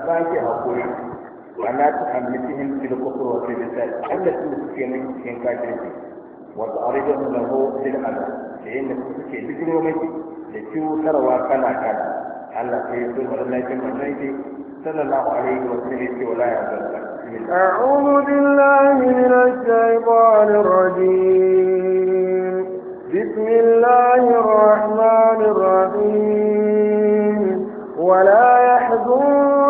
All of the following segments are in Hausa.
باقي هقول إن أعوذ بالله من الشيطان الرجيم بسم الله الرحمن الرحيم ولا يحزن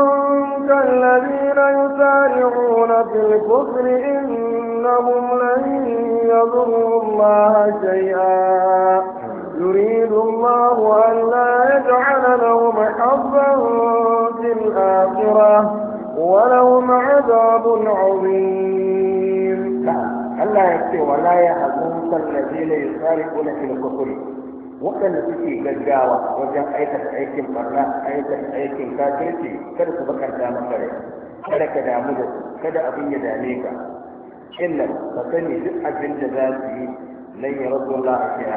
يسارعون في الكفر إنهم لن يضروا الله شيئا يريد الله أن لا يجعل لهم حظا في الآخرة ولهم عذاب عظيم Allah ya ce wala ya hazun sallazi waɗanda suke gaggawa wajen aikata aikin barna aikata aikin kafirci kada su bakanta maka rai kada ka damu da su kada abin ya dame ka illa ka sani duk abin da za su yi nan ya rasu Allah a kira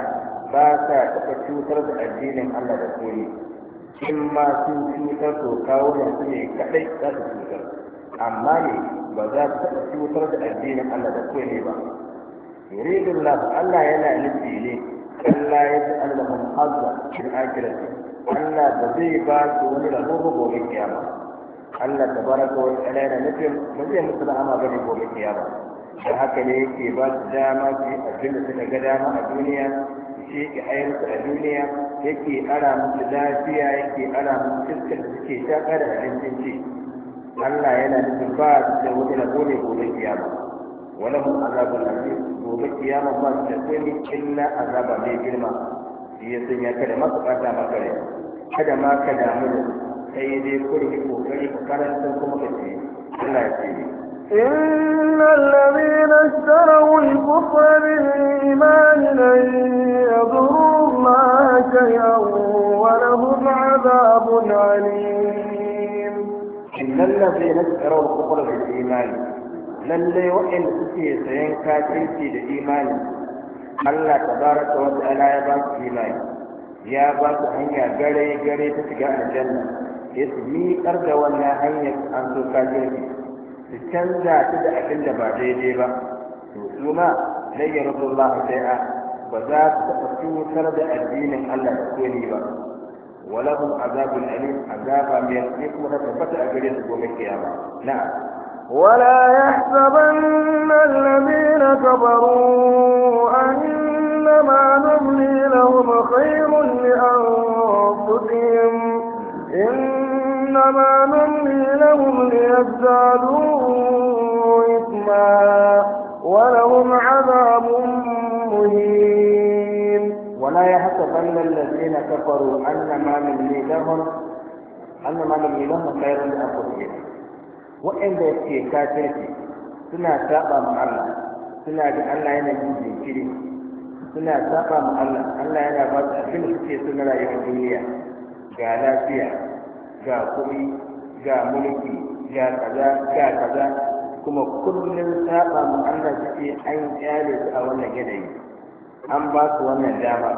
ba sa taɓa cutar da addinin Allah da koyi in ma sun cutar to kawo su ne kaɗai za su cutar amma ne ba za su taɓa cutar da addinin Allah da koyi ba yuridun Allah yana nufi ne kalla ya ji Allah mun hazza cikin akirar Allah ba zai ba su wani rabo gobe kiyama Allah tabaraka wa ta'ala yana nufin ba zai musu na'ama ba ne gobe kiyama da haka ne yake ba su dama su abin da suka ga dama a duniya su ce ki ayyarsu a duniya yake ara musu lafiya yake ara musu fuskar da suke shaƙa da abincin ci Allah yana nufin ba su da wani rabo ne gobe kiyama Wani mun azabun azim gobe kiyama ba su da sani illa azaba mai girma shi ya sanya kada masu ɓata maka rai kada ma ka damu da sai dai kurmi kokari ka karanta kuma ka Allah ya ce إن الذين اشتروا الكفر بالإيمان لن يضروا الله شيئا ولهم عذاب عليم إن الذين اشتروا الكفر بالإيمان lallai waɗanda suke sayan kafirci da imani Allah tabaraka wa ta'ala ya ba su imani ya ba su hanya gare gare ta shiga aljanna sai su miƙar da wannan hanyar an so kafirci su canza ta da abin da ba daidai ba to su ma lai ya rasu Allah sai'a ba za su taɓa cutar da addinin Allah da koni ba ولهم عذاب أليم عذاب من يخلق وتثبت أجريت يوم القيامة نعم ولا يحسبن الذين كفروا أنما نبني لهم خير لأنفسهم إن إنما نملي لهم ليزدادوا إثما ولهم عذاب مهين ولا يحسبن الذين كفروا أنما نملي لهم أنما نملي لهم خير لأنفسهم وإن ذلك كافرتي سنة سابا مع الله سنة الله ينجي كريم suna saba ma Allah Allah yana ba su abin da suke suna rayuwar duniya ga lafiya ga kuri ga mulki ga kaza ga kaza kuma kullum saba mu Allah suke an kyale su a wannan yanayi an ba su wannan dama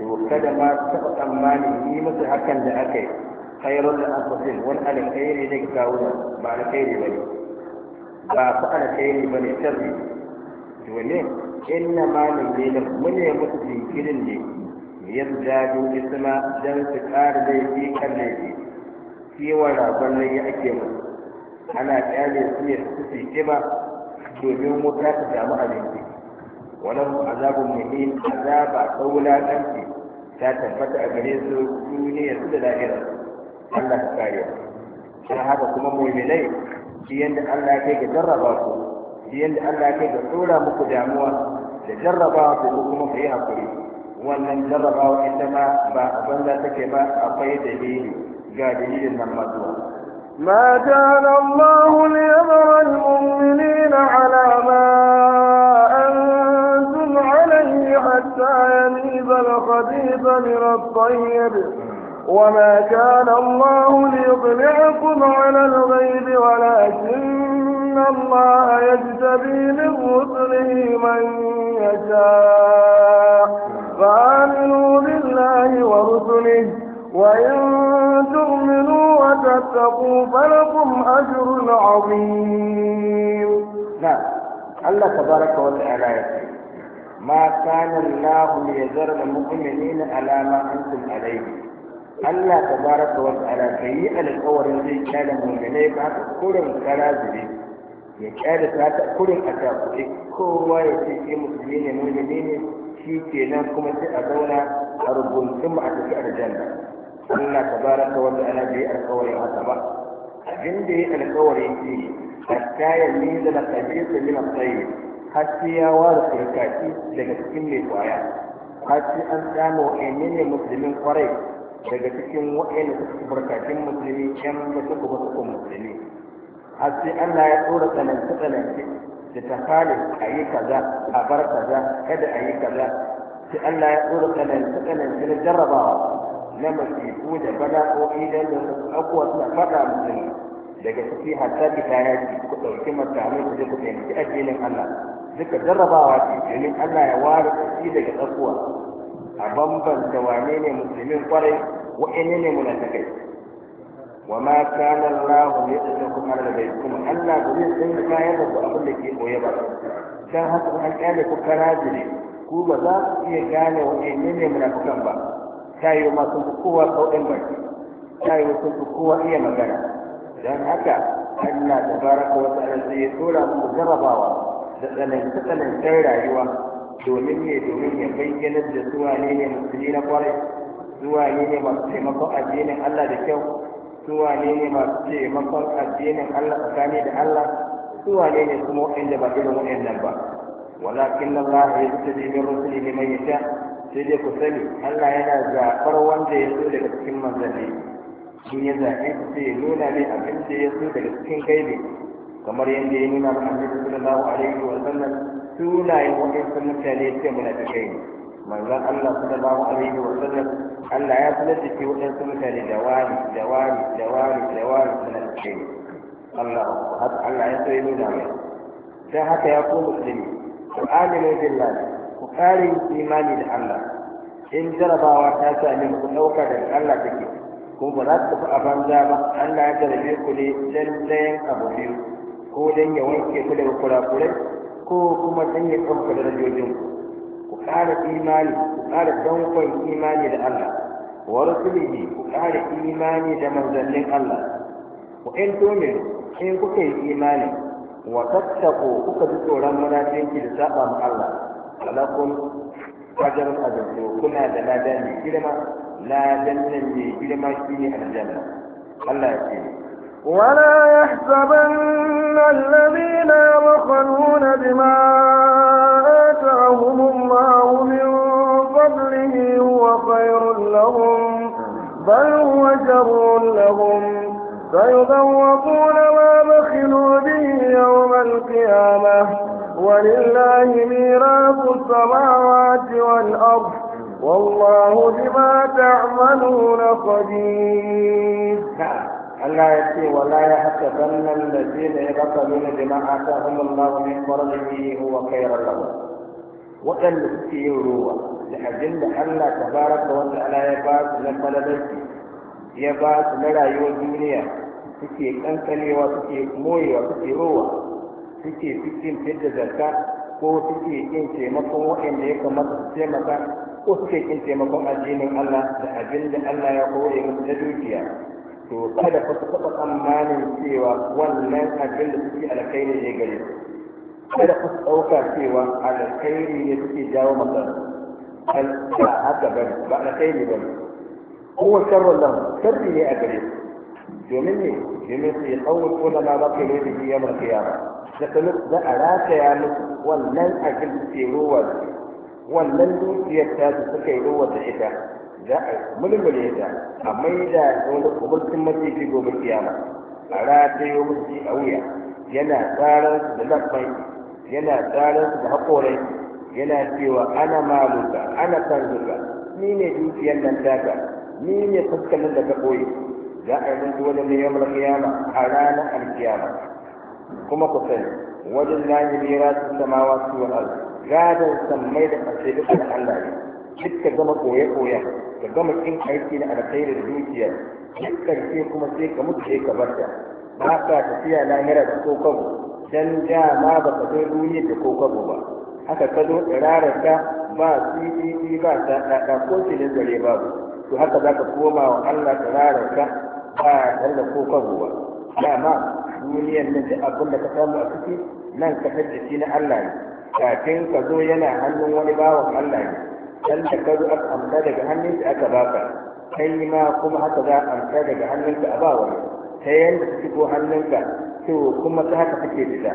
to kada ma taɓa tsammanin yi musu hakan da aka yi khairun da anfusin wani alkhairi ne kawo ba alkhairi ba ne ba fa alkhairi ba ne to ne inna ma ne mun ne musu jinkirin ne yadda duk isma dan su ƙara laifi kan laifi kiwon ragon nan ya ake musu ana kyale su ya su fi kiba domin wuta ta samu abinci walau azabun muhim azaba ta wulaƙanci ta tabbata a gare su duniya su da lahira Allah ta kariya don haka kuma mulmilai shi yadda Allah kai ga jarraba ku shi yadda Allah kai ga tsora muku damuwa da jarraba ku kuma ku yi hakuri wannan jarrabawa ita ma ba a banza take ba akwai dalili ga dalilin ما كان الله ليذر المؤمنين على ما أنتم عليه حتى يميز الخبيث من الطيب وما كان الله ليطلعكم على الغيب ولكن الله يجتبي من رسله من يشاء فآمنوا بالله ورسله وإن واتقوا فلكم أجر عظيم نعم الله تبارك وتعالى ما كان الله ليذر المؤمنين على ما أنتم عليه Allah ta baraka wa ta'ala ka yi alƙawarin zai kyale mummunai ba ka kurin karazire ya kyale ta ta kurin a takuɗe kowa ya ce ke musulmi ne ne shi nan kuma sai a zauna a rubuntun a tafi aljanna Allah tabaraka wa ta'ala bai alƙawarin haka ba abin da ya alƙawari shi hatta ya nila da na kabisa da al-tayyib hatta ya ware firkaki daga cikin mai kwaya hatta an samu ayyane musulmin kwarai daga cikin waɗanda suka ci barkatun musulmi yan da suka ba suka musulmi har Allah ya tsora tsananci tsananci da ta fali a yi kaza a bar kaza kada a yi kaza sai Allah ya tsora tsananci tsananci na jarrabawa na masifu da bala'o'i da su abubuwa suna faɗa musulmi daga ciki hatta bi ya ce ku ɗauki makamai ku je ku taimaki addinin Allah duka jarrabawa ce domin Allah ya ware tsaki daga tsakuwa a bambanta wane ne musulmin kwarai wa'ine ne kai wa ma kana Allah ya tsaka ku har da kuma Allah ba sun bayar kayan da ku abin da ke koye ba dan haka an kyale ku karaji ku ba za ku iya gane wa'ine ne munafikan ba ta yi ma sun fi kowa sauɗin baki ta yi sun fi kowa iya magana don haka Allah da baraka wata sai ya tura mu jarabawa da tsananta tsanantar rayuwa domin ne domin ya bayyana da zuwa ne ne musulmi na kwarai zuwa ne ne masu taimakon addinin Allah da kyau zuwa ne ne masu taimakon addinin Allah tsakani da Allah zuwa ne ne kuma waɗanda ba irin waɗannan ba walakin Allah ya yi tabi min rusuli liman yasha sai dai ku sani Allah yana zaɓar wanda ya so daga cikin manzanni in ya zaɓe su sai ya nuna ne abin da ya so daga cikin gaibi kamar yadda ya nuna ma annabi sallallahu alaihi wa sallam sunayen waɗansu mutane ce kai ne manzan Allah sallallahu alaihi wa sallam Allah ya sanar da shi waɗansu mutane da wani da wani da wani da wani munafikai ne Allah Allah ya so ya nuna mai dan haka ya ko musulmi ku aminu billahi ku kare imani da Allah in jarabawa ta sami ku ɗauka daga Allah take ko ba za ku a banza ba Allah ya jarabe ku ne dan ɗayan abu biyu ko dan ya wanke ku daga kurakurai ko kuma dan ya ɗauka da rajojin ku kare imani ku kare dankon imani da Allah wa rasulihi ku kare imani da manzannin Allah ku in tumin in kuka yi imani wa tattako kuka ji tsoron ki da saba mu Allah ولكم فجر الأجر وكنا لا دان كلمة لا جنة كلمة فيه الجنة الله يكفيني ولا يحسبن الذين يبخلون بما آتاهم الله من فضله هو خير لهم بل هو شر لهم فيذوقون ما بخلوا به يوم القيامة ولله ميراث السماوات والأرض والله بما تعملون خبير Allah ya ce wala ya haka zannan da zai da ya baka nuna jama'a ta hannun lawa min yi huwa khairar lahu waɗanda suke yin ruwa da abin da Allah ta baraka wanda Allah ya ba su na falalarki ya ba su na rayuwar duniya suke kankanewa suke moyewa suke ruwa suke cikin fidda zarka ko suke yin taimakon waɗanda ya kamata su taimaka ko suke yin taimakon addinin Allah da abin da Allah ya kore musu da dukiya to kada fa taɓa tsammanin cewa wannan abin da suke alkhairi ne gare kada ku ɗauka cewa alkhairi ne suke jawo masa ba haka ba ba alkhairi ba ne kowa sharrun lahu sharri ne a gare su domin ne domin su yi tsawon kona ma ba ka nufi biya ma kiyama da kuma za a rataya musu wannan abin da ke ruwa wannan dukiyar ta su suka yi ruwa da ita za a mulmule ta a maida wani kuburtun maciji gobe kiyama a ratayo musu a wuya yana tsarar da lafai yana tsarar da haƙorai yana cewa ana maluka ana kanzuka ni ne dukiyar nan taka ni ne fuskalin da ka ɓoye جاءهم دولهم يوم القيامة حلالا القيامة كما قلت وجدنا جميرات السماوات والأرض هذا سميت أسئلة الحلالة شكا جمع قوية قوية كجمع إن حيثين على خير الدوسية شكا كما سيكا مجحيكا برجع ما كانت فيها لا نرى تكوكب جن جاء ما بقدر دوني تكوكب با حتى تدو إرارك با سي سي سي با تأكوشي لنزل يبابو تحقق ذاك قوما وحلق إرارك ba kalla ko kabuwa dama duniyar nan da abin da ka samu a ciki nan ka da shi na Allah ne kafin ka zo yana hannun wani bawan Allah ne dan da ka zo aka amsa daga hannun shi aka baka kai ma kuma haka za a amsa daga hannunka a bawa ne ta yanda ta shigo hannunka to kuma ta haka kake fita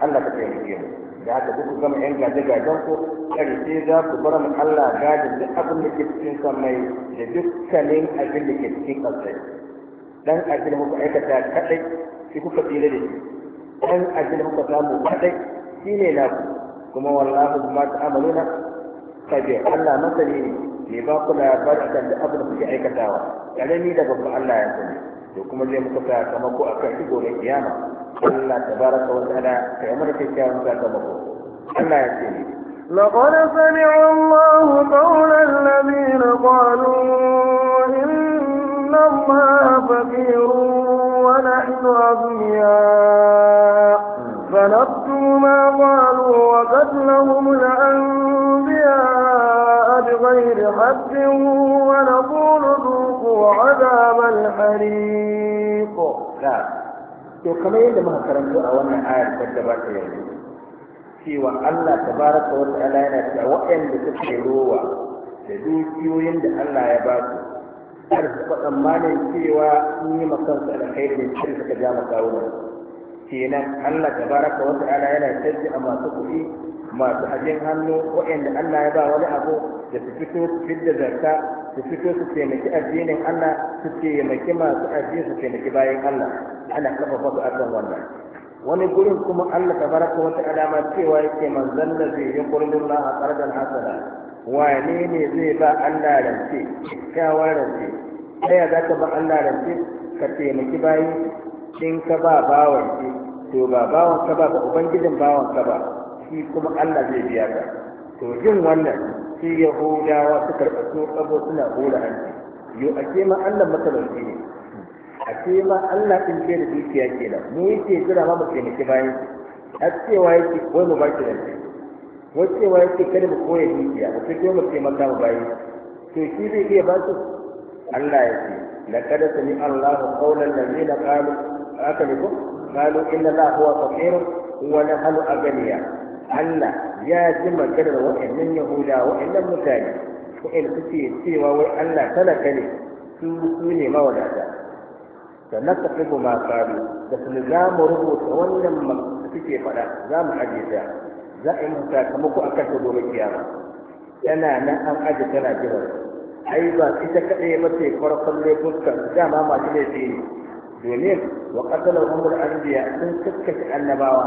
Allah ka taimake mu da haka duk gama yan gaje-gajen ku ƙarshe za ku bar mu Allah gadin duk abin da ke cikin samai da dukkanin abin da ke cikin ƙasai dan abin muku aikata kadai shi kuka tsira da shi dan abin muka samu kadai shi ne na kuma wallahu ma ta'amaluna kabe Allah masani ne mai ba ku labarin kan da abin da kuke aikatawa karami da babban Allah ya sani to kuma zai muka sakamako akan shi gobe kiyama Allah tabaraka wa ta'ala kai mana kyakkyawan sakamako Allah ya sani لقد سمع الله قول الذين قالوا أبوها فقير ونحن أغنياء فنبتوا ما قالوا وقتلهم الأنبياء بغير حق ونقول ذوقوا عذاب الحريق to kamar yadda muka karanto a wannan ayar ta gabata yanzu cewa Allah tabaraka wa ta'ala yana cewa waɗanda suke rowa da dukiyoyin da Allah ya ba su kar su tsammanin cewa sun yi makansu alkhairi ne suka ja makawunan kenan Allah tabaraka wa ta'ala yana canji a masu kuɗi masu ajin hannu waɗanda Allah ya ba wani abu da su fito su fidda zarta su fito su taimaki addinin Allah su taimaki masu addini su taimaki bayan Allah ana kafa fasu akan wannan wani gurin kuma Allah baraka wa ta'ala ma cewa yake manzon da zai yi kullun la a qardan hasana wane ne zai ba Allah rance kyawar rance ɗaya za ka ba Allah rance ka taimaki bayi in ka ba bawan ce to ba bawan ka ba ba ubangijin bawan ka ba shi kuma Allah zai biya ka to jin wannan shi yahudawa suka karɓa su kabo suna hura hanci yo a ma Allah makalanci ne a ma Allah din ke da dukiya kenan mu yake jira ma mu taimaki bayan a cewa yake wai mu ba ki rance wacce ma ce kada mu koya dukiya mu fito mu taimaka bayi to shi zai iya ba su Allah ya ce laqad sami Allahu qawlan ladina qalu aka ne ko qalu inna la huwa faqir wa nahnu aghniya Allah ya ji maganar wa'annan Yahuda wa'annan mutane wa'anda ke cewa wai Allah talaka ne su su ne mawadata da na tafi ma kalu da su za mu rubuta wannan suke faɗa za mu ajiye za a yi mun sakamako a kanta gobe kiyama yana nan an ajiye tana jiran ai ba ita kadai ba ce farkon laifukan dama masu laifi ne domin wa qatala umul anbiya sun kaskace annabawa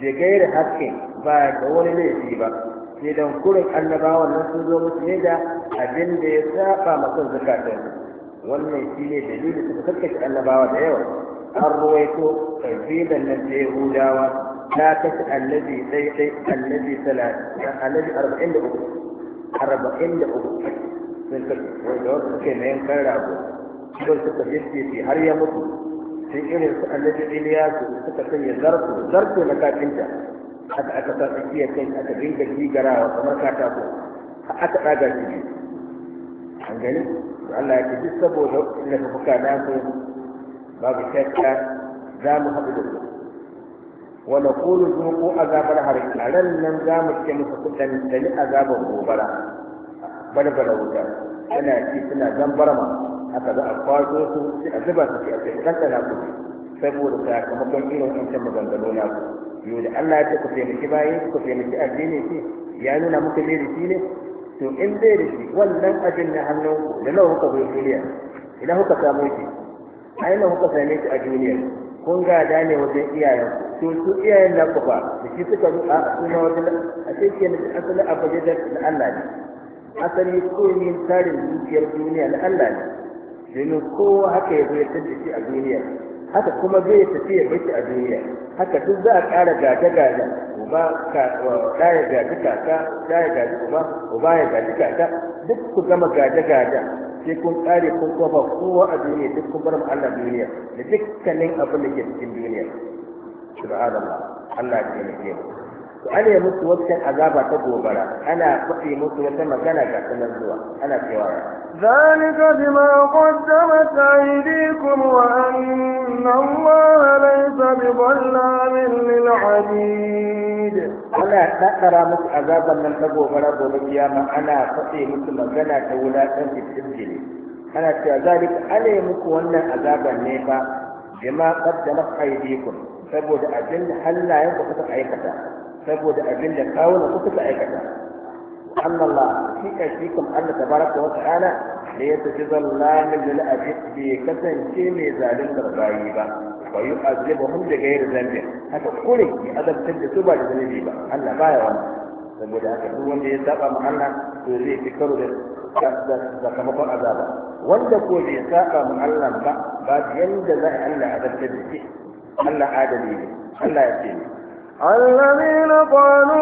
bi gairi haske ba da wani laifi ba sai dan kurin annabawan nan sun zo musu ne da abin da ya saba masa zakatun wannan shi ne dalilin da kaskace annabawa da yawa an ruwaito da nan da yahudawa لا تسأل الذي الذي ثلاث الذي أربعين لأبو أربعين لأبو من كل والدور كنين كرابو كل تتجدي في هريا مطلو في إليس الذي إلياس تتقي الزرق الزرق لك أنت حتى أتتقي كنت أتبين تجدي جراوة وما كاتبو حتى أجل تجدي عن جانب الله يتجسبه لك فكانا babu shakka za mu haɗu da su wa naqulu zuqu azabal harik ran nan za mu ce musu kudan dani azabar gobara barbara wuta tana ci suna zambarma haka za a kwaso su sai a zuba su a cikin kankana ku saboda sakamakon irin wancan maganganu na ku yau da Allah ya ce ku taimaki bayan ku taimaki addini shi ya nuna muku ne da shi ne to in dai da shi wannan ajin na hannunku da nawa kuka zo duniya idan kuka samu shi a yana kuka same shi a duniya kun da ne wajen iyayen to su iyayen na ku ba da shi suka a suna wajen a cikin asali a fajajar da Allah ne asali komin tarin zuciyar duniya na Allah ne domin kowa haka ya zai da shi a duniya haka kuma zai tafi ya bace a duniya haka duk za a ƙara gada gada uba ka ɗa ya gaji kaka ɗa ya gaji uba uba ya gaji kaka duk ku gama gada gada sai kun kare kun kuma ba kowa a duniya duk kun bar mu Allah duniya da dukkanin abin da ke cikin duniya subhanallah Allah ya taimake mu to ana yi musu wata azaba ta gobara ana faɗi musu wata magana ga sanar zuwa ana cewa ذلك بما قدمت أيديكم وأن الله ليس بظلام للعبيد أنا تقرا مك عذابا من تبو غرب بالقيامة أنا مثل مس مغنى تولا أنت تسجلي أنا كذلك أنا مكونا عذابا نيفا بما قدمت أيديكم saboda abin da hannayen ku suka aikata saboda abin da kawunan ku suka أن الله في أجيكم أن تبارك وتعالى ليتجد الله من الأجيك في كثن شيء من ذلك الغائبة ويؤذبهم لغير ذنب هذا كل أدب سنة سبع ذنبه أن بايا وانا سبب ذلك هو من يتبع معنا تريد فكر ذلك عذابا وانت كل يتبع معنا بعد ينجز أن أدب سنة أن عادني أن يتبع الذين قالوا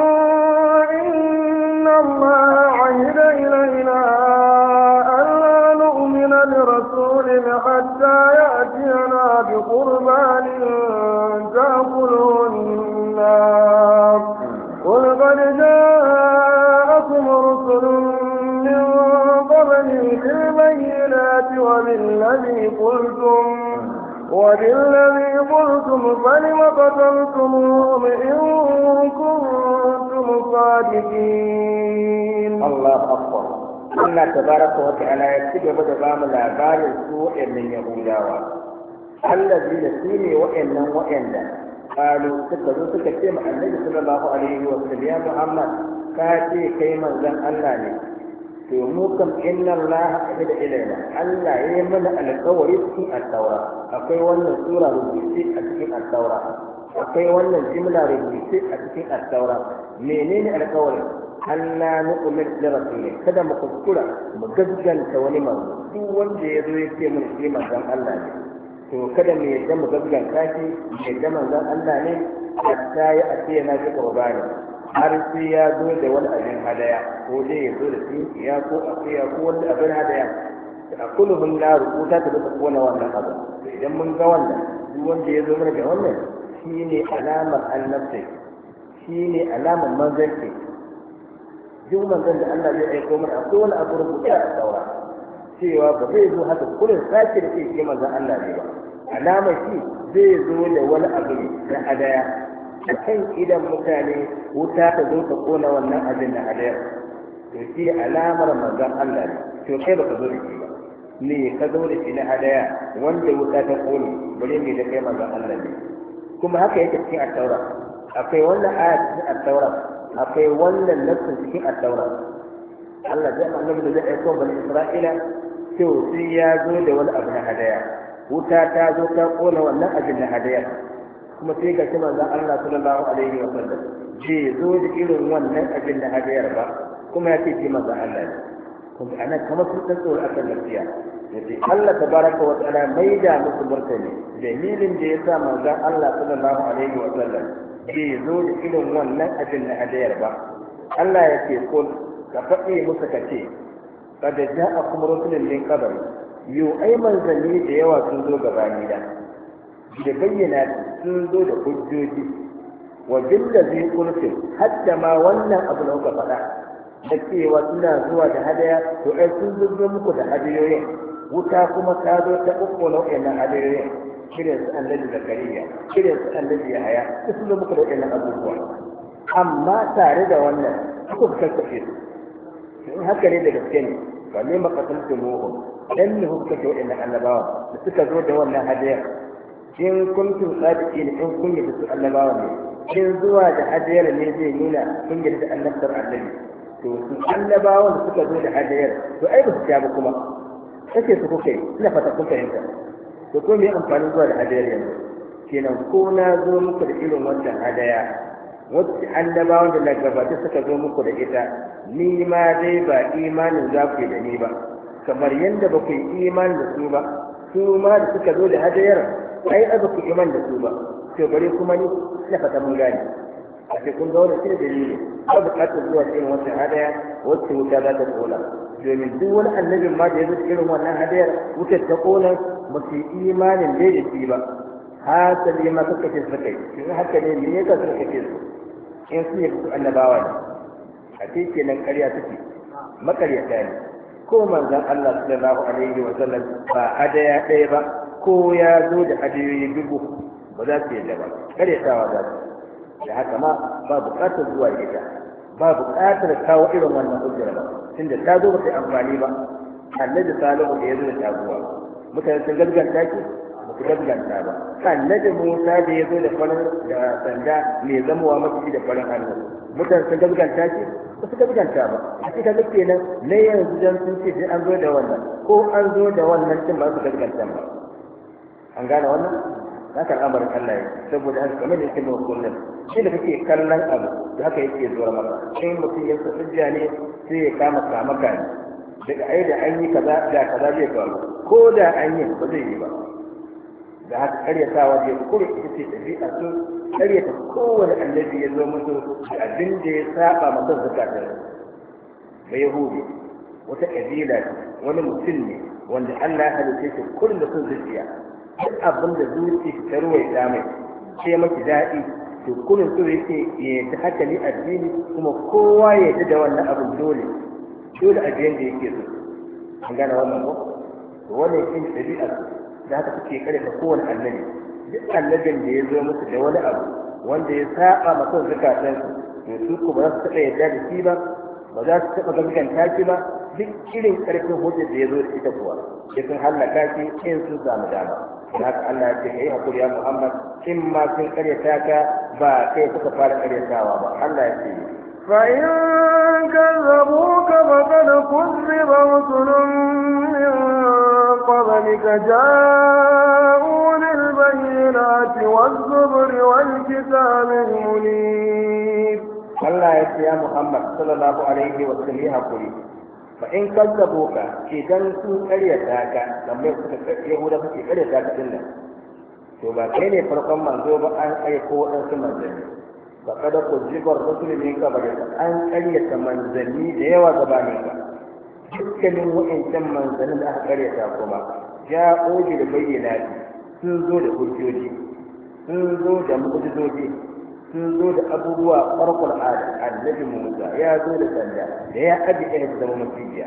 إن إن الله عهد إلينا ألا نؤمن لرسول حتى يأتينا بقربان تأكله النار قل قد جاءكم رسل من قبلي بالبينات وبالذي قلتم وللذي قلتم فلم قتلتموهم إن كنتم صادقين الله أكبر أن تبارك وتعالى يكتب دبام لا بال سوء من يقول يهوداوى الذي يسيني وإن وإن قالوا تكتبوا تكتب النبي صلى الله عليه وسلم يا محمد كاتي كيما زن الله to mu kam inna Allah qad ilaina Allah ya mana alƙawari cikin at-taura akwai wannan sura rubuce a cikin at-taura akwai wannan jimla rubuce a cikin at-taura menene alƙawari Allah nu'min da rasulai kada mu kuskura mu gagganta wani manzo duk wanda ya zo ya ce mun shi manzon Allah ne to kada mu yadda mu gagganta shi mu yadda manzon Allah ne hatta ya ce na ji qurbani har sai ya zo da wani abin hadaya ko dai ya zo da tsinkiya ko akuya ko wani abin hadaya a kulluhun na rubuta ta daga kona wannan abu to idan mun ga wannan duk wanda ya zo mana da wannan shine alamar annabta shine alamar manzanci duk manzon da Allah zai aiko mana akwai wani abu rubuta a saura cewa ba zai zo haka kullun sake da ke manzon Allah ne ba alamar shi zai zo da wani abu ne na hadaya a kan idan mutane wuta ta zo ta kona wannan abin na halayyar to shi alamar manzon Allah ne to kai baka zo da shi ba me ka zo da shi na hadaya wanda wuta ta kone bare ne da kai manzon Allah ne kuma haka yake cikin at-taura akwai wannan aya cikin at-taura akwai wannan nassin cikin at-taura Allah ya annabi da zai aika bani Isra'ila to sai ya zo da wani abu na hadaya wuta ta zo ta kona wannan abin na hadaya kuma sai ga shi manzon Allah sallallahu alaihi wa sallam je zo da irin wannan abin da hadiyar ba kuma ya ce ji manzon Allah ne kuma ana kama sun tsoro akan gaskiya yace Allah tabaraka wa ta'ala mai da musu martani dalilin da yasa maza Allah sallallahu alaihi wa sallam je zo da irin wannan abin da hadiyar ba Allah ya ce kul ka faɗi musu ka ce kada ja'akum rasulun min qabl yu ay manzanni da yawa sun zo gabani da da bayyana sun zo da hujjoji wa billa zai kurfin hatta ma wannan abu na kuka faɗa da cewa suna zuwa da hadaya to ai sun zubbe muku da hadayoyin wuta kuma ta zo ta uku nau'in na hadayoyin kiran su annabi kariya. kiran su annabi haya. su sun zo muku da wa'annan abubuwa amma tare da wannan kuka karkace su in haka ne da gaske ne ba ne makasantu muhu dan ne kuka ce wa'annan annabawa da suka zo da wannan hadaya in kuntum sadiqin in kun yi su annabawa ne in zuwa da hadiyar ne zai nuna kun yi da annabtar annabi to su annabawan da suka zo da hadiyar to ai ba su ja ba kuma kace su kuka yi ina fata kun fahimta to ko me amfanin zuwa da hadiyar yanzu kenan ko na zo muku da irin wannan hadaya wacce annabawan da na gabata suka zo muku da ita ni ma dai ba imanin za ku yi da ni ba kamar yadda ba ku yi imanin da su ba su ma da suka zo da hadayar ai azu ku iman da su ba to bare kuma ni na fata mun gane a ce kun ga shi da dalili ba bukatar zuwa cikin wata hadaya wacce wuta za ta kola domin duk wani annabin ma da ya zuci irin wannan hadayar wutar ta kola ba su yi imanin da da shi ba hasali ma suka ce suka yi shi haka ne me yasa suka ce su in su ne su annabawa ne a ce kenan ƙarya suke makaryata ne ko manzon Allah sallallahu alaihi wa sallam ba hadaya ɗaya ba ko ya zo da hadiyoyi dubu ba za su yadda ba karyatawa za su da haka ma ba buƙatar zuwa gida ba buƙatar kawo irin wannan hujjar ba da ta zo ba ta amfani ba annabi salihu da ya zo da taguwa mutane sun gaskanta ki ba su gaskanta ba annabi musa da ya zo da farin da sanda mai zamowa masu da farin hannu mutane sun gaskanta ki ba su gaskanta ba a cikin duk kenan na yanzu dan sun ce sai an zo da wannan ko an zo da wannan cin ba su gaskanta ba an gane wannan haka al'amarin Allah yake saboda haka kamar yake mai kullum shi da kake kallon abu da haka yake zuwa maka sai mutum ya tsaya ne sai ya kama kama kai daga ai da an yi kaza da kaza zai faru ko da an yi ba zai yi ba da haka karyatawa da kuma ita ce a ɗabi'a sun ta kowane annabi ya zo musu da abin da ya saba masa zakatar ba yahudi wata ƙabila wani mutum ne wanda Allah ya halitta shi kullum da sun zuciya duk abin da zuci fitar ruwaita mai ce maki daɗi to kullum su yake ya ta haka ni addini kuma kowa ya yarda da wannan abin dole dole a biyan da yake so an gane wannan ba. to wannan shi ne ɗabi'a da haka suke kare ta kowane annabi duk annabin da ya zo musu da wani abu wanda ya saba ma son su, to su ko ba za su taɓa yarda da shi ba ba za su taɓa gaskanta shi ba duk irin ƙarfin hujjar da ya zo da ita kuwa ya sun hallaka shi in sun samu dama هذا ألا يدعيه يقول يا محمد إما في قريتك فكيف تفعل قريتك وابا ألا يدعيه فإن كذبوك فقد كذب رسل من قبلك جاءوا للبينات والزبر والكتاب المنير الله يا محمد صلى الله عليه وسلم يقول fa in kazzaboka ke dan sun karyata ka kamar suka yahuda suke karyata ka din nan to ba kai ne farkon manzo ba an aiko waɗansu manzanni ba kada ku zibar rusul ka kabari an karyata manzanni da yawa gabanin ka dukkanin wa'ancan manzannin da aka karyata kuma ya oji da bayyana sun zo da hujjoji sun zo da mu'jizoji sun zo da abubuwa farkon annabi Musa ya zo da sanda da ya aji irin zama macijiya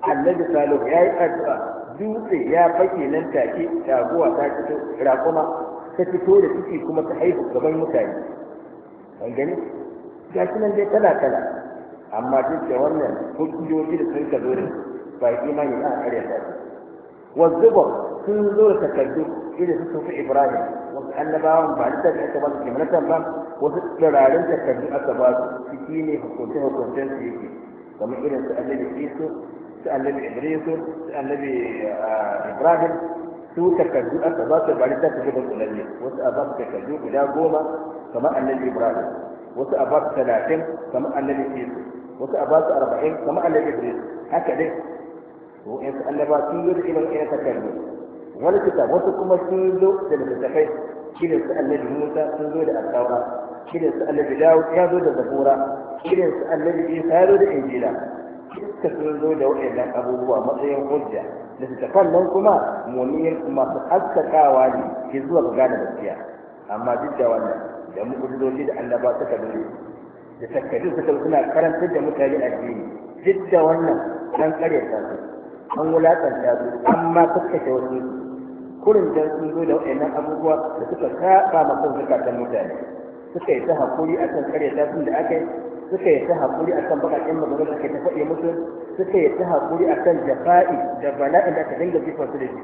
annabi Salihu ya yi addu'a dutse ya fake nan take taguwa ta fito raƙuma ta fito da ciki kuma ta haihu gaban mutane an gani ga shi nan dai kala kala amma duk da wannan hukumomi da sun ka zo da ba imani a ƙarya ta wasu sun zo da takardu irin su sufi ibrahim wasu annabawan ba ta littafi aka ba su kimnatan ba wasu tsirarin takardu aka ba su ciki ne hukunce hukuncen su yake kamar irin su annabi isu su annabi Ibrahim su annabi ibrahim su takardu aka ba su ba littafi guda kulalle wasu a ba su takardu guda goma kamar annabi ibrahim wasu a ba su talatin kamar annabi isu wasu a ba su arba'in kamar annabi idris haka dai ko in su annaba sun yi irin irin takardu wani kitab wasu kuma sun zo da littattafai shirin su annabi musa sun zo da asawa shirin su annabi dawud ya zo da zabura shirin su annabi isa ya zo da injila duka sun zo da waɗannan abubuwa matsayin hujja littattafan nan kuma muniyar masu haskakawa ne ke zuwa ga gane gaskiya amma duk da wannan da mu'ujizoji da annaba suka dole da takkadu suka suna karantar da mutane addini duk da wannan an karyata su an wulaƙanta su amma kakkashe wasu kurin da sun zo da wa'annan abubuwa da suka saba ma kan zakatan mutane suka yi ta hakuri akan karyata sun da aka yi suka yi ta hakuri akan baƙaƙen magana da aka ta faɗi musu suka yi ta hakuri akan jafa'i da bala'in da ka dinga jifa su da shi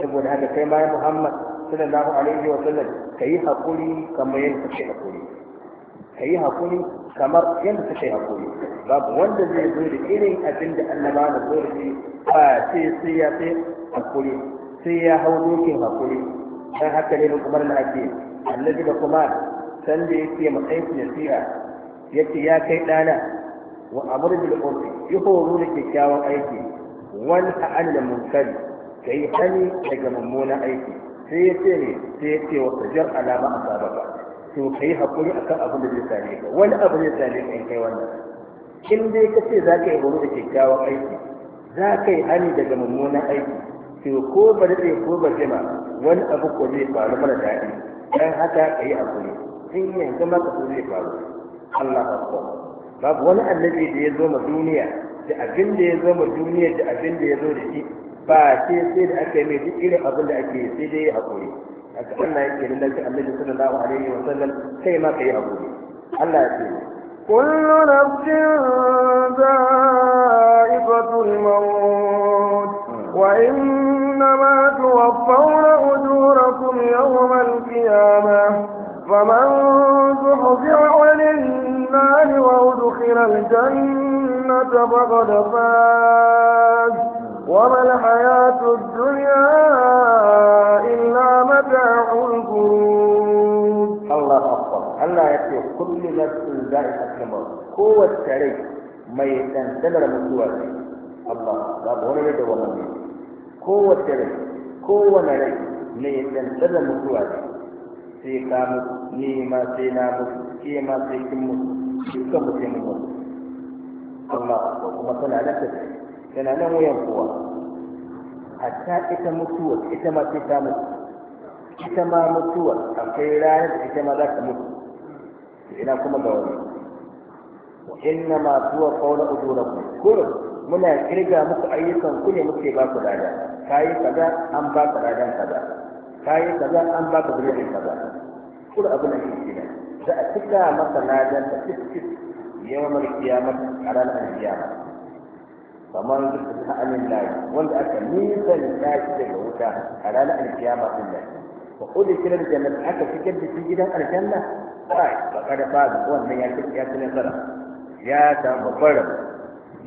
saboda haka kai ma Muhammad sallallahu alaihi wa sallam kai hakuri kamar yadda kake hakuri kai hakuri kamar yadda kake hakuri babu wanda zai zo da irin abin da Allah ba da zo da shi ba sai sai ya sai hakuri sai ya hau dokin hakuri dan haka ne hukumar na ake annabi da kuma san da yake matsayin nasiha yake ya kai dana wa amr bil urfi yuhuru da kyakkyawan aiki wal ha'al munkari kai hani daga mummunan aiki sai ya ce ne sai ya ce wa tajar alama a asabaka to kai hakuri akan abin da zai same ka wani abu zai same ka in kai wannan in dai ka ce za ka yi horo da kyakkyawan aiki za ka yi hani daga mummunan aiki to ko ba daɗe ko ba jima wani abu ko zai faru mana daɗi dan haka ka yi hakuri in yanzu maka ko zai faru Allah akbar babu wani annabi da ya zo ma duniya da abin da ya zo ma duniya da abin da ya zo da shi ba ce sai da aka yi mai duk irin abin da ake sai dai ya hakuri haka Allah yake lallai annabi sallallahu alaihi wa sallam sai ma ka yi hakuri Allah ya ce كل نفس ذائقة الموت وإنما توفون أجوركم يوم القيامة فمن زحف عن النار وأدخل الجنة فقد فاز وما الحياة الدنيا إلا متاع الغرور الله أكبر الله يكفي كل نفس ذائقة الموت قوة شريك ما يتنزل من الله لا هنا يدور من kowace rai kowane rai mai tsanta da mutuwa sai ka mutu ni ma sai na mutu ke ma sai kin mutu dukkan mu sai mu mutu Allah kuma tana da tafi tana nan wuyan kowa hatta ita mutuwa ita ma sai ta mutu ita ma mutuwa akwai ranar ita ma za ka mutu ina kuma ga wani wa inna ma tuwa qawla ujurakum kullu muna kirga muku ayyukan ku ne muke ba ku lada kayi kaza an ba ku ladan kaza kayi kaza an ba ku biliyan kaza kur abu da ke da za a cika maka ladan da fiskis yawmar kiyamar a ranar kiyama kamar duk da amin layi wanda aka nisa da tashi daga wuta a ranar kiyama din nan wa kullu kiran jannat aka fitar da shi gidan aljanna kai ba kada ba wannan ya ya sunan sara ya ta babbar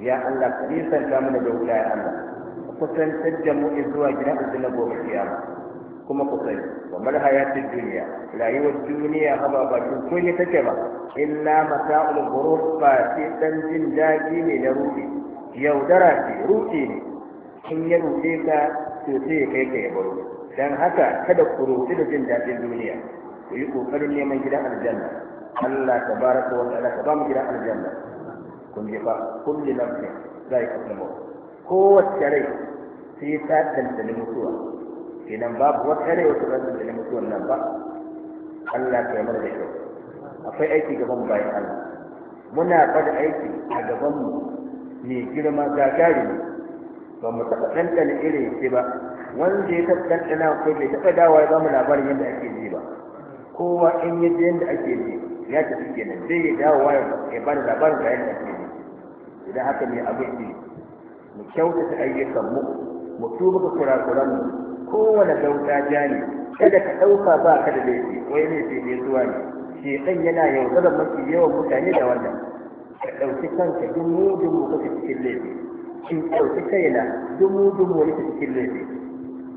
ya Allah ka nisanta mana da wuta ya Allah kusantar da mu zuwa gidan aljanna gobe kiyama kuma ku sani wa mal hayatid duniya. rayuwar duniya haba ba tun kun take ba illa mata'ul ghurur a sai dan jin daji ne na ruɗi yaudara ce ruɗi ne in ya ruɗe ka to sai ya kai ka ya baro dan haka kada ku ruɗi da jin daɗin duniya ku yi ƙoƙarin neman gidan aljanna Allah tabaraka wa ta'ala ka ba mu gidan aljanna kun ji fa kulli nafsi zai kafa ko wacce rai sai ta tantane mutuwa idan babu wata rai wata zai tantane mutuwan nan ba Allah ya mana da kyau akwai aiki gaban bayan Allah muna fada aiki a gaban mu ne girma gagari ne ba mu taɓa ɗanɗana irin shi ba wanda ya taɓa tantana ko bai taɓa dawa ya bamu labarin yadda ake ji ba kowa in ya yadda ake ji ya tafi kenan zai ya dawo ya ba labarin da yadda ake ji idan haka ne abin ne mu kyautata ayyukan mu mu tuba ka kurakuran mu kowane gauta ja ne kada ka ɗauka ba ka da laifi wai ne sai ne zuwa ne shekan yana yaudarar mafi yawan mutane da wannan ka ɗauki kanka duk mudun kake cikin laifi kin ɗauki kaina duk mudun kake cikin laifi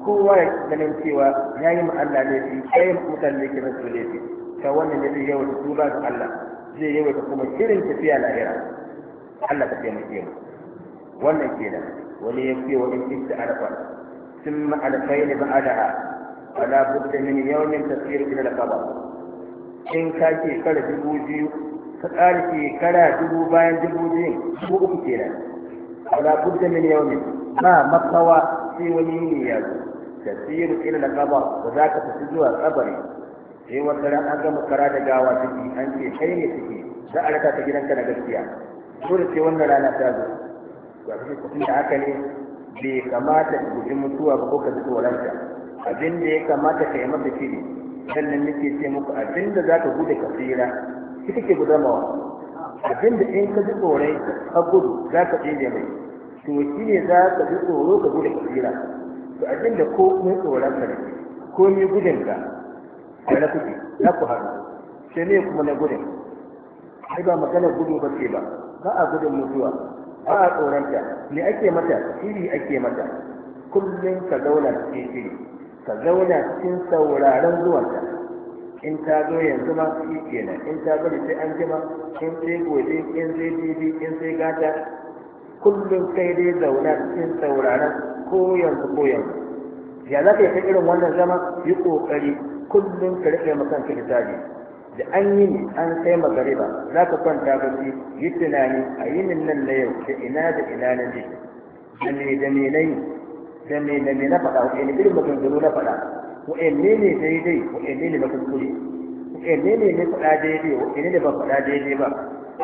kowa ya ganin cewa ya yi Allah laifi ya yi mutane da kiran su laifi ta wannan zai yawan tuba ga Allah zai yawan kuma shirin tafiya lahira Allah ka taimake mu wannan kenan wani ya ce wani fitta arfa sun ma'alfai ne ba'adaha ala budda min yawmin tasir ila al-qabr in ka ke kara dubu biyu ka ƙara kara dubu bayan dubu biyu ko uku kenan ala budda min yawmin ma makawa sai wani ne ya zo tasir ila al-qabr ba za ka tafi zuwa kabari sai wata ran an gama kara da gawa take an ce kai ne take za a raka ta gidanka na gaskiya dole sai wannan rana ta zo ba su kuɗin da aka ne bai kamata ka guji mutuwa ba ko ka ji tsoronta abin da ya kamata ka yi masa kiri. sannan nake ce muku abin da za ka gudu ka tsira shi kake gudamawa abin da in ka ji tsoron ka gudu za ka tsira mai to shi ne za ka ji tsoro ka gude ka tsira to abin da ko mun tsoron ka ne ko ni gudun ka ka na kuɗi na ku haɗu sai ne kuma na gudun ai ba magana gudu ba ce ba ba a gudun mutuwa ba a tsoronta me ake mata shiri ake mata kullum ka zauna cikin shiri ka zauna cikin sauraron zuwanta in ta zo yanzu ma shi kenan in ta bari sai an jima in sai gobe in sai jibi in sai gata kullum sai dai zauna cikin sauraron ko yanzu ko yanzu ya za ka yi ta irin wannan zama yi ƙoƙari kullum ka rike makan ka da an yi ne an kai magariba za ka kwanta bacci yi tunani a yinin nan na yau da ina da ina na ji da me da me na yi da me da me na faɗa wa'in irin maganganu na faɗa wa'in ne ne daidai wa'in ne ne na kuskure wa'in ne ne na faɗa daidai wa'in ne ne ba faɗa daidai ba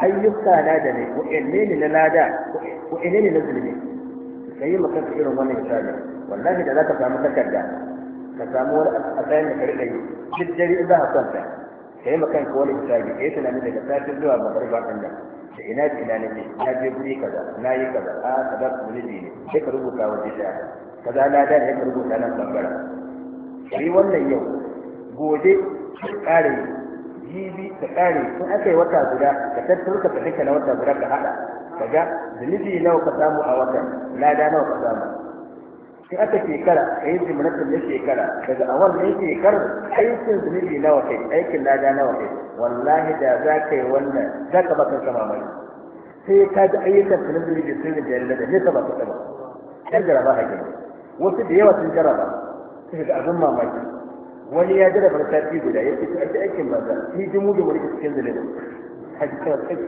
ayyuka na da ne wa'in ne ne na lada wa'in ne ne na zulmi ka yi maka irin wannan misali wallahi da za ka samu takarda ka samu wani a tsayin da ka riƙa yi duk dare in za ka kwanta kai makan ka wani hisabi kai tunani daga satin zuwa magarba ɗan nan da ina ji ina nake na je guri kaza na yi kaza a kaza zunubi ne sai ka rubuta waje ɗaya kaza na da ne rubuta nan bangaren kai wannan yau gobe ka jibi ka kare in aka yi wata guda ka tattaro ka tafi na wata guda ka haɗa kaga zunubi nawa ka samu a watan lada nawa ka samu in aka shekara ka yi na shekara daga a wannan shekarar aikin zunubi nawa kai aikin lada nawa kai wallahi da za ka yi wannan za ka baka sama mai sai ka ji ayyukan sunan zunubi sun da jalla da nesa ba ka saba kan jaraba a wasu da yawa sun jaraba suka ga abin mamaki wani ya jaraba na sati guda ya fito aiki aikin banza shi ji mu wani cikin zunubi haji kawai kai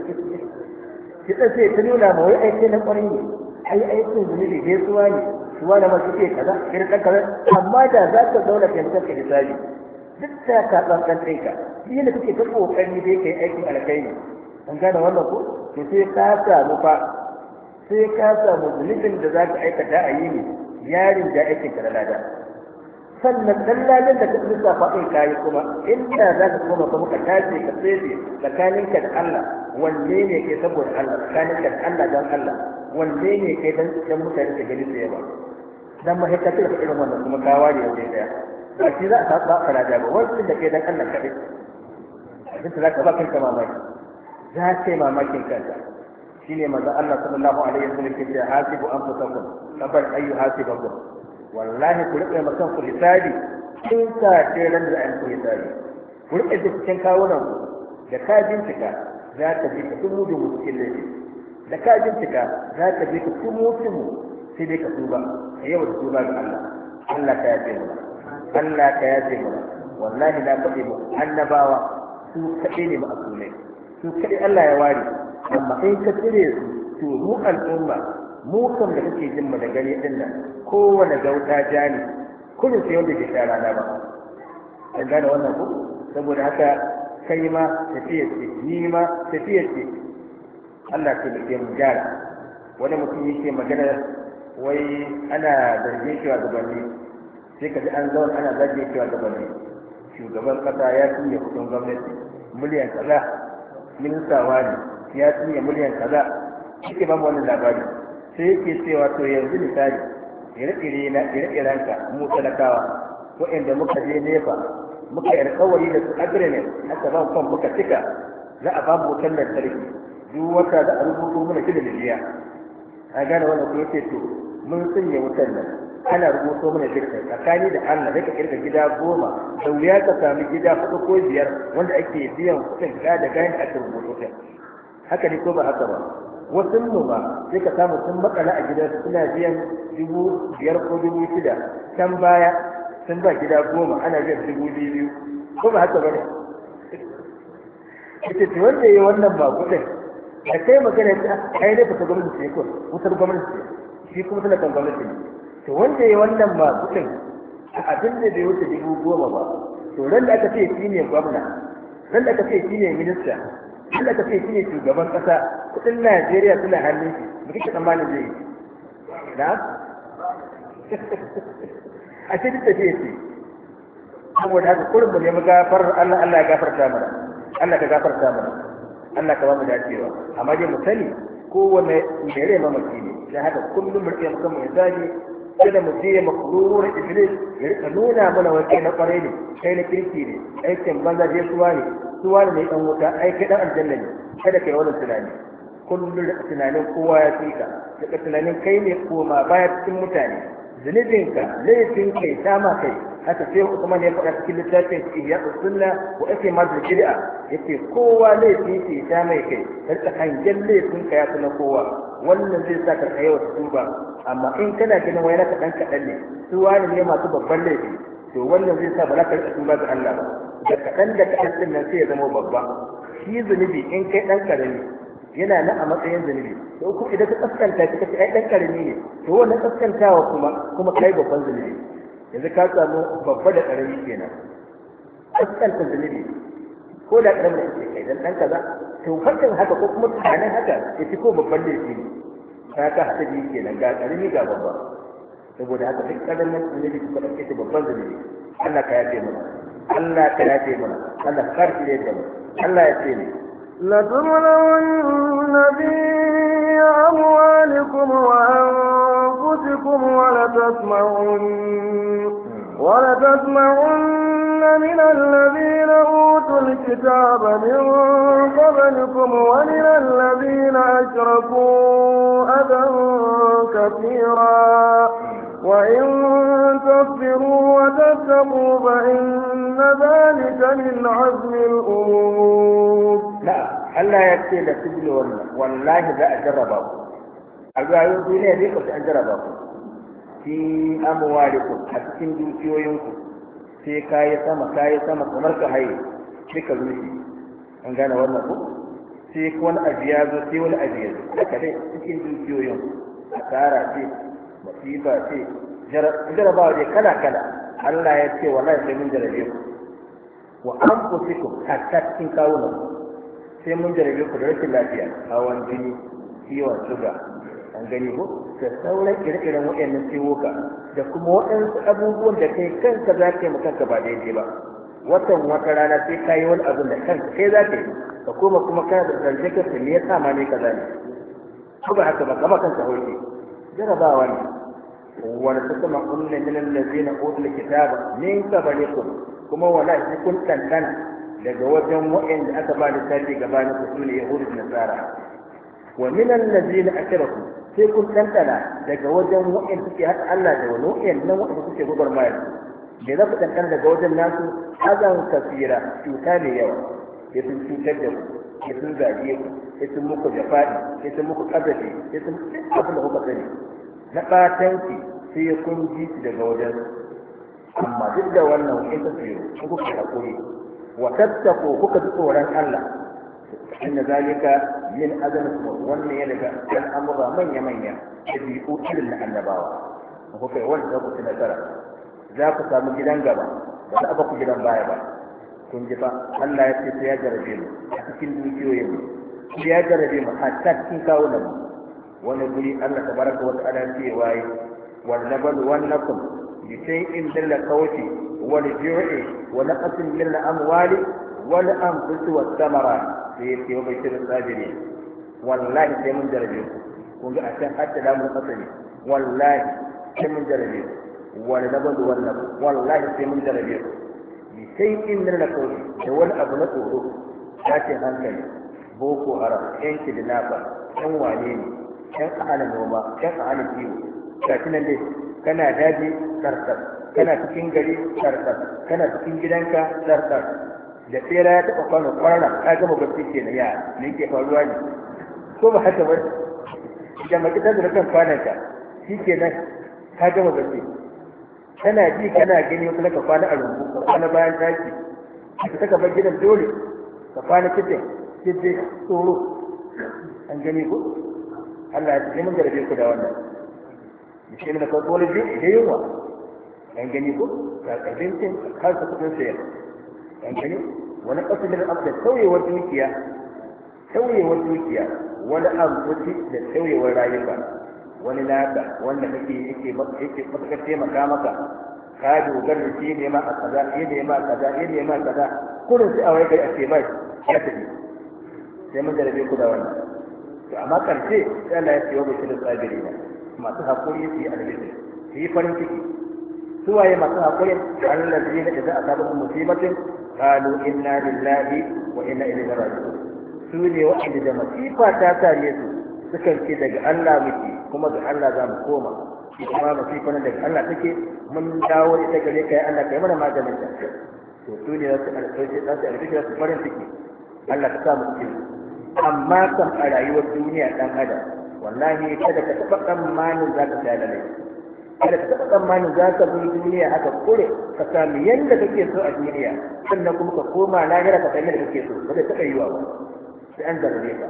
shi ɗan sai ta nuna ma wai aiki na ƙwarai ne ai aikin zunubi gaisuwa ne wani ma suke kaza irka kaza amma da za ka zauna fahimtar ka misali duk ta ka tsantsan kai ka shi ne kake ta kokari dai kai aikin alkhairi an gane wannan ko to sai ka samu fa sai ka samu zulubin da za ka aikata a yi ne yarin da aikin ka na lada sannan dan ladan da kake lissafa kai kayi kuma inda za ka koma kuma ka tace ka tsere tsakaninka da Allah wanne ne kai saboda Allah tsakaninka da Allah don Allah wanne ne kai dan mutane da gani tsaye ba dan mahaikacin da irin wannan kuma kawa ne wajen daya ba shi za a ba a da ba wani da ke dan Allah kaɗai abinda za ka ba kanka mamaki za ka yi mamakin kanka shi ne maza Allah sallallahu alaihi wa sallam ke ce hasibu an fi sakun kabar ayyu hasibakum wallahi ku riƙe makan ku hisabi in ka ce ran da an ku hisabi ku riƙe dukkan kawunan ku da ka bincika za ka bi ka tun mudu mutum cikin da ka bincika za ka bi ka tun sai dai ka tuba ka yau da tuba ga Allah Allah ta yafe mu Allah ta yafe mu wallahi na faɗi mu annabawa su kaɗai ne ma'asumai su kaɗai Allah ya ware amma in ka tsire su to mu al'umma mu kan da kake jin mu da gani din nan kowane gauta ja ne kullum sai wanda ke sha rana ba an gane wannan ku saboda haka kai ma tafiya ce ni ma tafiya ce Allah ke mu gyara wani mutum yake magana wai ana zargin shugabanni sai ka ji an zaun ana zargin shugabanni shugaban kasa ya cinye kudin gwamnati miliyan kaza minista wani ya ya miliyan kaza shi ba mu wani labari sai yake cewa to yanzu misali ire ka mu talakawa waɗanda muka je nefa muka yi alkawari da su agreement a ba kwan muka cika za a ba mu wutar lantarki duk wata da a rubuto mana shi da miliya a gane wannan kuma ce to mun sanya wutar nan ana rubuto mana dukkan tsakani da Allah daga kirga gida goma da wuya ka sami gida kuɗi ko biyar wanda ake biyan kuɗin gida da gani a rubuto kai haka ne ko ba haka ba wasu mu ba sai ka samu sun matsala a gidansu suna biyan dubu biyar ko dubu shida can baya sun ba gida goma ana biyan dubu biyu ko ba haka ba ne ita ce wanda ya yi wannan ba kuɗin da kai magana ta ah, kai ne fita gwamnati ce ko wata gwamnati sai shi kuma kan gwamnati ne to wanda ya wannan masu a abin da bai wuce dubu goma ba to ran da aka ce shi ne gwamna ran da aka ce shi ne minista ran da aka ce shi ne shugaban ƙasa kuɗin najeriya suna hannun shi ba kike tsammanin zai yi na a ce duk da ce ce saboda haka kurin ne mu gafar Allah Allah ya gafarta mana Allah ka gafarta mana Allah ka ba mu dacewa amma dai mu sani kowane mai rai mamaki ne da haka kullum mu ya mu kan kada mu je makurur iblis ya rika nuna mana wani na kwarai ne kai na kirki ne aikin banza je suwa ne suwa ne mai dan wuta ai kai dan aljanna ne kada kai wani tunani kullum da tunanin kowa ya tsika Daga tunanin kai ne koma baya cikin mutane ka laifin kai sama kai haka sai Usman ya faɗa cikin littafin Ihya'u Sunna wa ake mazal bid'a yace kowa laifi ke ta mai kai karka hangen laifin ka ya kuma kowa wannan zai sa ka kai wata duba amma in kana ganin wai naka dan kaɗan ne su wani ne masu babban laifi to wannan zai sa ba za ka rika duba ga Allah ba da kaɗan da kaɗan ɗin nan sai ya zama babba shi zunubi in kai ɗan karami yana nan a matsayin zunubi to kuma idan ka kaskanta ka ce ai ɗan karami ne to wannan kaskantawa kuma kuma kai babban zunubi yanzu ka samu babba da ƙarami kenan kaskantar zunubi ko da ƙaramin da ke kai dan ɗan kaza to hakan haka ko kuma tunanin haka ya fi ko babban laifi ne ka ka haɗa biyu kenan ga ƙarami ga babba saboda haka duk ƙaramin zunubi ka ɗauke shi babban zunubi Allah ka yafe mana Allah ka yafe mana Allah ka karfi da mu Allah ya ce ne لتبلون في أموالكم وأنفسكم ولتسمعن, ولتسمعن من الذين أوتوا الكتاب من قبلكم ومن الذين أشركوا أذى كثيرا وإن تصبروا وتتقوا فإن ذلك من عزم الأمور نعم. Allah ya ce da tubli wannan wallahi za a jarraba ku a rayuwar duniya ne ku an jarraba ku fi ku a cikin dukiyoyinku sai kayi sama kayi sama kamar ka haye duka zuci an gane wannan ku sai wani abu ya zo sai wani abu ya zo haka dai cikin dukiyoyin a tsara ce masifa ce jarabawa dai kala kala Allah ya ce wallahi sai mun jarabe ku wa an anfusikum a cikin kawunan ku sai mun jarabe ku da rashin lafiya hawan jini ciwon suga an gani ko da sauran ire-iren waɗannan ciwoka da kuma waɗansu abubuwan da kai kanka za ka yi kanka ba daidai ba watan wata rana sai ka yi wani abin da kanka kai za ka yi ka koma kuma kana da zance kanka me sa ma ne kaza ne ko ba haka ba kama kanka hoke jarabawa ne wani sasama kullum min allazina da kitaba min ku. kuma wala kun tantana daga wajen waɗanda aka ba littafi gabanin su sune yahudu da nasara wa minan lazina ashraku sai kun tantana daga wajen wa'in suke haɗa Allah da wani nan wa'in waɗanda suke mayar. da za ku tantana daga wajen nasu azan kasira cuta ne yau? ya sun cutar da ku ya sun zage ku ya sun muku jafaɗi ya sun muku ƙazafi ya sun duk abin da kuka sani na ɓatanci sai kun ji daga wajen amma duk da wannan in ta fiye in kuka haƙuri wa tattaqu kuka ji tsoron Allah inna zalika min azam wannan ya daga al'amura manya manya dabi'u irin na annabawa kuka yi wanda ku ci nasara za ku samu gidan gaba ba za ku gidan baya ba kun ji Allah ya ce sai ya jarabe mu a cikin dukiyoyin mu sai ya jarabe mu hatta cikin kawunan mu wani guri Allah tabaraka wa ta'ala ce waye wal والجوع ونقص من الأموال والأنفس والثمرات سيأتي وبشر الصابرين والله سيمن درجه kun ga a can hatta da mun kasani wallahi sai mun jarabe wani daban da wannan wallahi sai mun jarabe bi sai in nan da da wani abu na tsoro tashin hankali boko haram yan kidnapper gashi nan dai kana daji tsartsar kana cikin gari tsartsar kana cikin gidanka tsarsar. da tsera ya taɓa kwano kwana ka gama barci ke na ya ne ke faruwa ne ko ba haka ba da maki ta zura kan kwananka shi ke nan ka gama barci kana ji kana gani wasu, ka kwana a rumbu ka kwana bayan taki ka saka bar gidan dole ka kwana kitin kitse tsoro an gani ko Allah ya ji mun garbe ku da wannan mutum da kawai wani biyu da yawa Ɗan gani ko ta ga abincin kansa kudin sayar Ɗan gani wani kasu da abda sauyewar dukiya sauyewar dukiya wani amfuci da sauyewar rayuka wani naka wanda kake yake yake matakar taimaka maka ka da shi nema a kaza ya nema a kaza ya nema a kaza kullum sai a wai kai a ce mai ya tafi sai mun jarabe ku da wannan to amma karshe sai Allah ya ce wa mutum sabiri ne masu haƙuri su yi alheri su yi farin ciki su waye masu haƙuri Allah allazi na idza asabatum musibatin qalu inna lillahi wa inna ilaihi raji'un su ne wa'anda da masifa ta tare su sukan ce daga Allah muke kuma ga Allah za mu koma kuma masifan daga Allah take mun dawo ita gare ka ya Allah kai mana maganin ta to su ne za su alƙarfi za su alƙarfi za su farin ciki Allah ta sa mu cikin. amma kan a rayuwar duniya ɗan adam wallahi kada ka taɓa mani za ka sha lalai kada ka taɓa mani za ka bi duniya aka kure ka sami yadda kake so a duniya sannan kuma ka koma lahira ka sami yadda kake so ba zai taɓa yiwa ba sai an zarge ka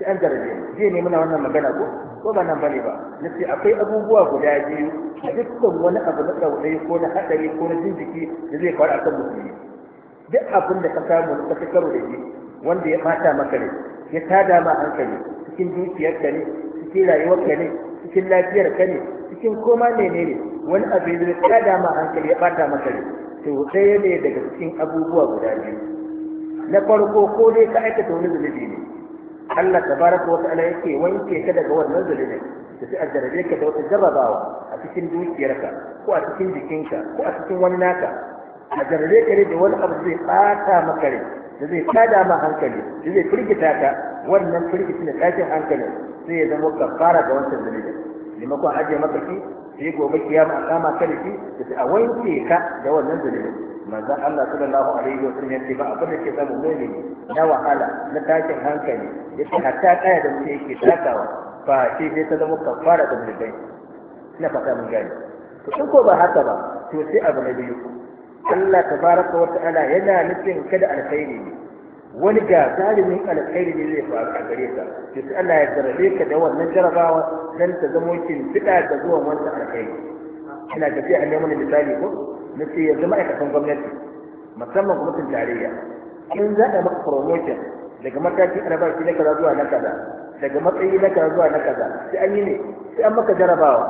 sai an zarge zai ne muna wannan magana ko ko ba nan bane ba na ce akwai abubuwa guda biyu a dukkan wani abu na ɗaure ko na haɗari ko na jinjiki da zai faru a kan musulmi duk abin da ka samu ka fi karo da shi wanda ya mata maka ne ya tada ma hankali cikin dukiyarka ne cikin rayuwarka ne cikin lafiyarka ne cikin koma ne wani abu da ya dama hankali ya bata maka ne to ɗaya ne daga cikin abubuwa guda biyu na farko ko dai ka aikata wani zunubi ne Allah tabaraka wa ta'ala yake wanke ka daga wannan zulumin da sai addarabe ka da wata jarrabawa a cikin dukiyarka ko a cikin jikinka ko a cikin wani naka a jarrabe ka ne da wani abu zai ɓata maka ne. da zai tada ma hankali da zai firgita ka wannan firgita da tashin hankali sai ya zama kafara ga wancan zunubin maimakon ajiye maka shi sai gobe kiyama a kama ka da shi da sai a wanke ka da wannan zunubin manzon Allah sallallahu alaihi wa sallam yace ba abin da ke samu ne na wahala na tashin hankali yace hatta kaya da mutum yake takawa fa sai sai ta zama kafara ga zunubai ina fata mun gani to in ko ba haka ba to sai abu na biyu Allah tabaraka wa ta'ala yana nufin kada alkhairi ne wani ga zalimin alkhairi ne zai faru a gare ka to sai Allah ya jarabe ka da wannan jarabawa dan ta zamo kin fida da zuwan wannan alkhairi ina tafiya a neman misali ko na ce yanzu ma'aikatan gwamnati musamman gwamnatin tarayya in za a maka promotion daga mataki albashi na kaza zuwa na kaza daga matsayi na kaza zuwa na kaza sai an yi ne sai an maka jarabawa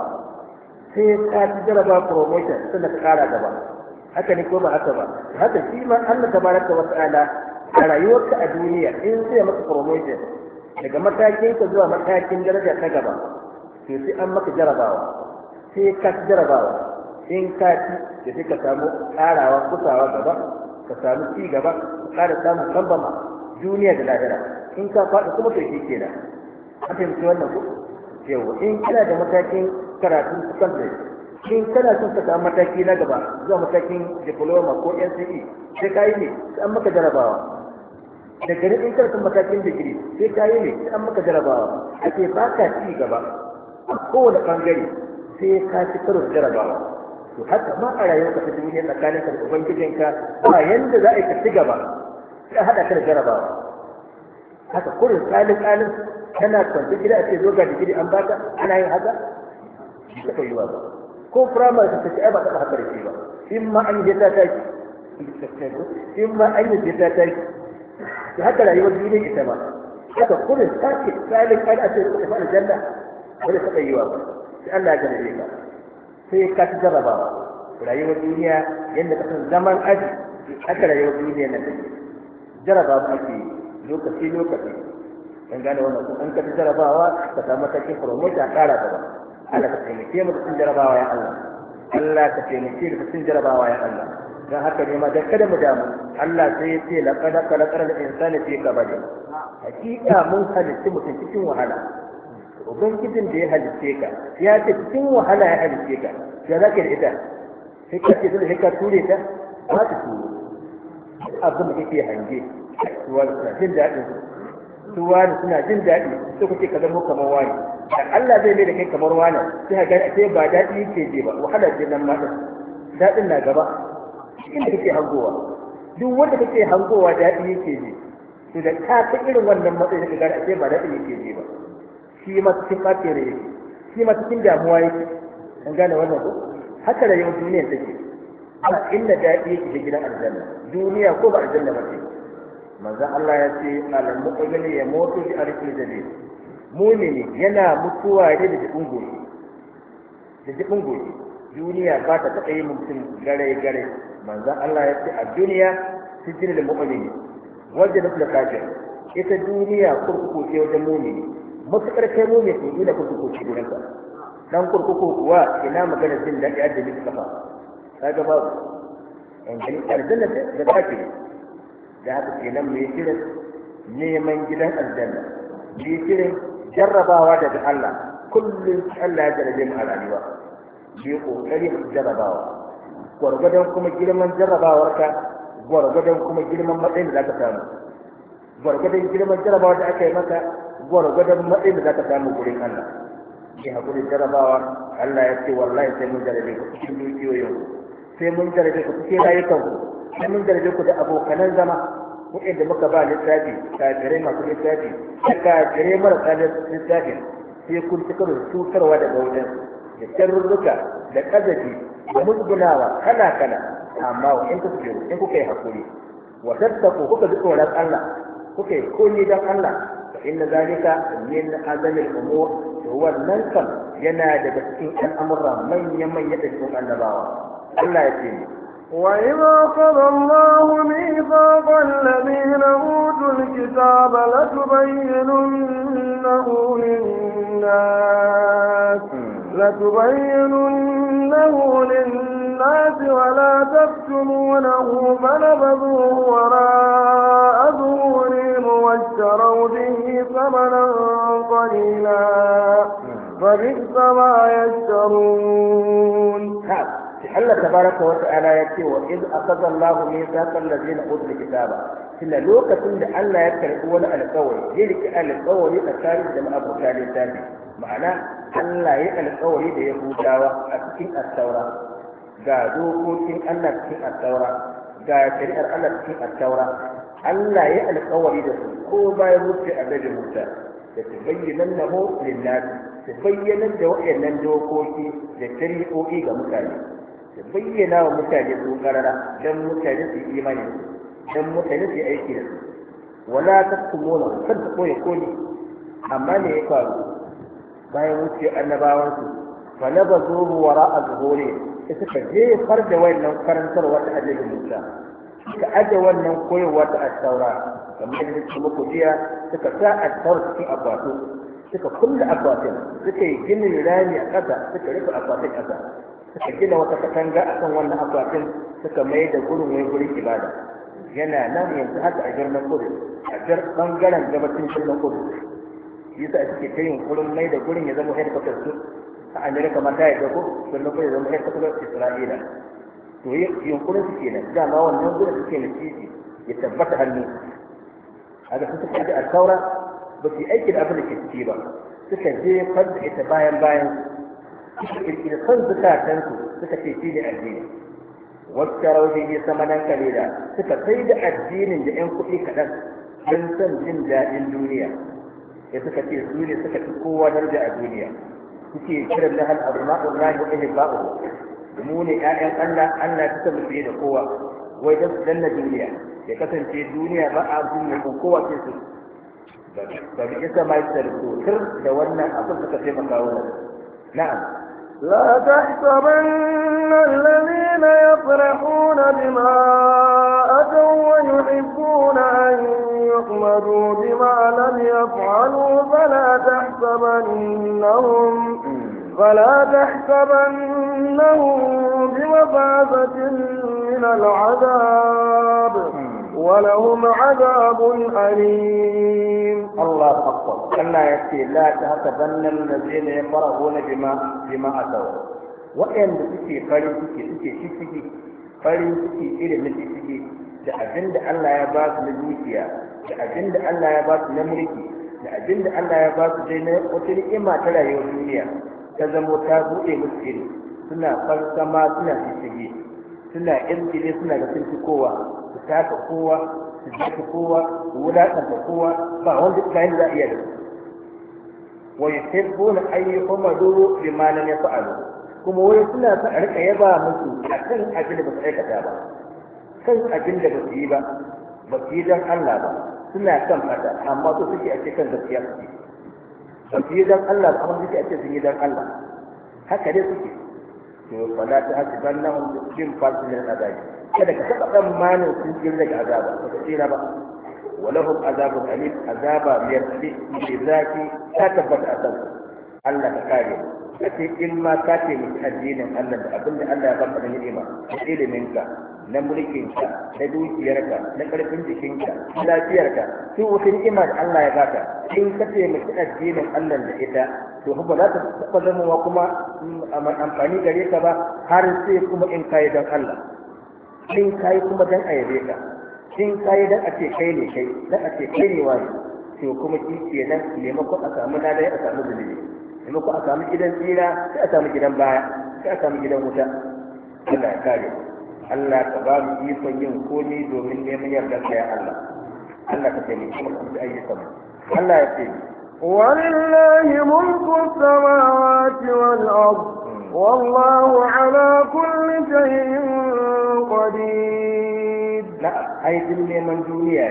sai ka ci jaraba promotion sannan ka kara gaba haka ne ko ba haka ba haka shi ma Allah tabaraka wa ta'ala a rayuwarka a duniya in zai maka promotion daga matakin ka zuwa matakin daraja ta gaba to sai an maka jarabawa sai ka jarabawa in ka ci da sai ka samu karawa kusawa gaba ka samu ci gaba ka kara samun kambama duniya da lahira in ka faɗi kuma to shi kenan an fahimci wannan ko yau in kana da matakin karatu kusan da shi kana son ka samu mataki na gaba zuwa matakin diploma ko NCE sai ka yi ne sai an maka jarabawa da gari in kana son matakin digiri sai ka yi ne sai an maka jarabawa ake ba ka ci gaba a kowane bangare sai ka ci karo da jarabawa to haka ma a rayuwarka ta duniya tsakaninka da ubangijinka ba yanda za a yi ka ci gaba sai a haɗa ka da jarabawa haka kurin tsalin tsalin kana kwanci gida a ce zo ga digiri an baka ana yin haka ba ta yi ba كفر ما تتعب على هذا الرجل إما أن يتتعب إما أن يتتعب حتى لا يوجد إليه إتما حتى قل الساكت فعلك أن أسر إخوان الجنة ولا سقي يواب سألنا جنة إيمان في كاتب جربا ولا يوجد إليه إنك أخذ زمن أجل حتى لا يوجد إليه نبي جربا أكي لوكا في لوكا في إن كان وانا أنك تجربا وتتامتك في خرومتها كارا بابا Allah ka taimake mu cikin jarabawa ya Allah Allah ka taimake mu cikin jarabawa ya Allah dan haka ne ma da kada mu damu Allah sai ya ce laqad khalaqal insana fi kabad hakika mun halitta mutum cikin wahala ubangijin da ya halitte ka ya ce cikin wahala ya halitte ka ya zaka ita sai ce dole ka ture ta ba ta ture abin da kake hange tuwa suna jin daɗi tuwa suna jin daɗi sai kuke ka mu kamar wani da Allah zai mai da kai kamar wani sai ka sai ba daɗi yake je ba wahala ce nan ma daɗin na gaba Inda kake hangowa duk wanda kake hangowa daɗi yake je to da ka ta irin wannan matsayin da ka gane sai ba daɗi yake je ba shi ma cikin ɓacin rai yake shi ma cikin damuwa yake an gane wannan ko haka da yau duniyar take ana inda daɗi yake da gidan aljanna duniya ko ba aljanna ba ce manzon Allah ya ce al-mu'minu yamutu bi arqil jadid mumini yana mutuwa ne da jibin goshi da jibin goshi duniya ba ta taɓa yi mutum gare gare manzan Allah ya ce a duniya jini da mu'mini wajen da kafin. ita duniya kurkuku ce wajen mumini matuƙar kai mumini to duniya kurkuku ce wajen ka dan kurkuku kuwa ina magana jin daɗi a jini kafa kaga babu in gani aljanna da kafir da haka kenan mai shirin neman gidan aljanna mai shirin jarrabawa daga Allah kullum Allah ya jarabe mu a rayuwa mu kokari mu jarrabawa gwargwadon kuma girman ka gwargwadon kuma girman matsayin da zaka samu gwargwadon girman jarrabawar da aka yi maka gwargwadon matsayin da zaka samu gurin Allah ki hakuri jarrabawa Allah ya ce wallahi sai mun jarabe ku cikin dukiyoyin sai mun jarabe ku cikin rayukan ku sai mun jarabe ku da abokanan zama Kuɗin da muka ba littafi kafirai masu littafi da kafirai marasa littafin sai kun ci karo cutarwa daga wajen da tarurruka da ƙazafi da musgunawa kana kana. amma wa in kuka in kuka yi hakuri wa tattaku kuka ji tsoron Allah kuka yi koyi don Allah fa inna zalika min azamil umur to wannan kan yana daga cikin al'amuran manya manya da cikin annabawa Allah ya ce وإذا أخذ الله ميثاق الذين أوتوا الكتاب لتبيننه للناس لتبيننه للناس ولا تكتمونه فنبذوه وراء ظهورهم واشتروا به ثمنا قليلا فبئس ما يشترون نعم. Allah tabaraka wata ana ya ce wa iz akhadha Allah mithaqal ladina utul kitaba tunda lokacin da Allah ya karbi wani alƙawari zai rike alƙawari tsakanin da ma'abuta littafi ma'ana Allah ya alƙawari da Yahudawa a cikin attaura ga dokokin Allah cikin attaura ga shari'ar Allah cikin attaura Allah ya alƙawari da su ko bayan mutu a gaji Musa da su bayyana na ho lillahi su bayyana da waɗannan dokoki da shari'o'i ga mutane ya bayyana wa mutane su karara don mutane su yi imani don mutane su yi aiki da su wala ta tumona kan ta koya koli amma ne ya faru bayan wuce annabawansu fa na ba zo wara a zuhore sai suka jefar da wannan karantarwa ta ajiyar musa suka aje wannan koyarwa ta asaura kamar yadda suka muku jiya suka sa asaura cikin akwato suka kulle akwatin suka yi ginin rami a ƙasa suka rufe akwatin ƙasa suka gina wata katanga a kan wannan akwatin suka mai da gurin wai gurin ibada yana nan yanzu haka a birnin kudu a jar bangaren gabacin birnin kudu yasa suke ta yin kurin mai da gurin ya zama headquarters su a amerika ma ta yi dako birnin kudu ya zama headquarters isra'ila to yin kurin su kenan dama wannan gurin suke na titi ya tabbata hannu a ga suka ji a saura ba su yi aikin abin da ke ciki ba suka je fadda ita bayan bayan suka kirkiri son zukatansu suka ce shi da addini wasu karauti ne samanan kalila suka sai da addinin da 'yan kuɗi kaɗan don san jin daɗin duniya ya suka ce su ne suka fi kowa darja a duniya suke kiran na da al'arma'un lahi wa ihibba'u mu ne 'ya'yan Allah Allah ta samu fiye da kowa wai 'dan su danna duniya ya kasance duniya ba a gunna ko kowa ke su ba bi isa ma yi da wannan abin suka taimaka wa na'am لا تحسبن الذين يفرحون بما أتوا ويحبون أن يحمدوا بما لم يفعلوا فلا تحسبنهم فلا تحسبنهم بمفازة من العذاب ولهم عذاب أليم الله أكبر كلا يكفي لا تهتبن الذين يفرحون بما بما أتوا وإن تكي فرين تكي تكي تكي فرين تكي إلى من تكي da abin da Allah ya ba su na dukiya da abin da Allah ya ba su na mulki da abin da Allah ya ba su dai na wata ni'ima ta rayuwar duniya ta zamo ta buɗe musu iri suna farsama suna shishige suna irgile suna da kowa su taka kowa su jefa kowa su wulaƙanta kowa ba wanda ta yin za a iya da wa yuhibbuna an yuhamadu bima lam yaf'alu kuma wani suna son a rika yaba musu kan abin da ba su aikata ba kan abin da ba su yi ba ba su yi don Allah ba suna kan fata amma su suke a cikin gaskiya su ba su yi don Allah ba amma suke a cikin yi don Allah haka dai suke to fala ta hasiban lahum bin kulli fasil min adabi kada ka taɓa ɗan tsammanin sun jin daga azaba ba ka tsira ba walahum azabun alim azaba mai mai zafi ta tabbata a kan Allah ka kare ka ce in ma ka ce mu addinin Allah da abin da Allah ya baka da ni'ima da ilimin ka na mulkin ka na dukiyarka na karfin jikinka na lafiyarka duk wata ni'ima da Allah ya baka in ka ce mu addinin Allah da ita to ba za ta taɓa zama kuma mm, amfani gare ka ba har sai kuma in kai don Allah in kayi kuma dan a yabe ka in kayi dan a ce kai ne kai dan a ce kai ne wani to kuma shi kenan maimako a samu lalai a samu zunubi maimako a samu gidan tsira sai a samu gidan baya sai a samu gidan wuta Allah ya kare Allah ka ba mu ikon yin komai domin neman yardar ya Allah Allah ka taimake mu kuma ayyukan mu Allah ya ce ولله ملك السماوات والأرض والله على كل شيء صديد نعم أي دل من دنيا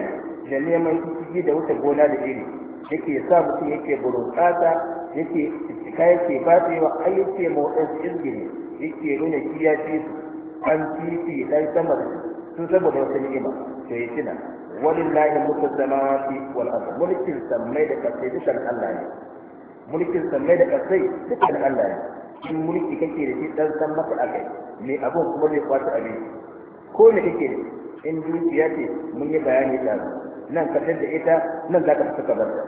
da neman ciki da wuce gona da iri yake sa mutum yake burukata yake cika yake batsewa ai yake motsin izgiri yake nuna kiya ce an titi dan sama da sun saboda wata ni'ima to ya tuna walillahi mulku samawati wal ard mulkin sammai da kasai dukan Allah ne mulkin sammai da kasai dukan Allah ne in mulki kake da shi dan san maka akai me abun kuma zai kwata abin ko me kake in dukiya ce mun yi bayani da nan ka tada ita nan za ka fita ka barta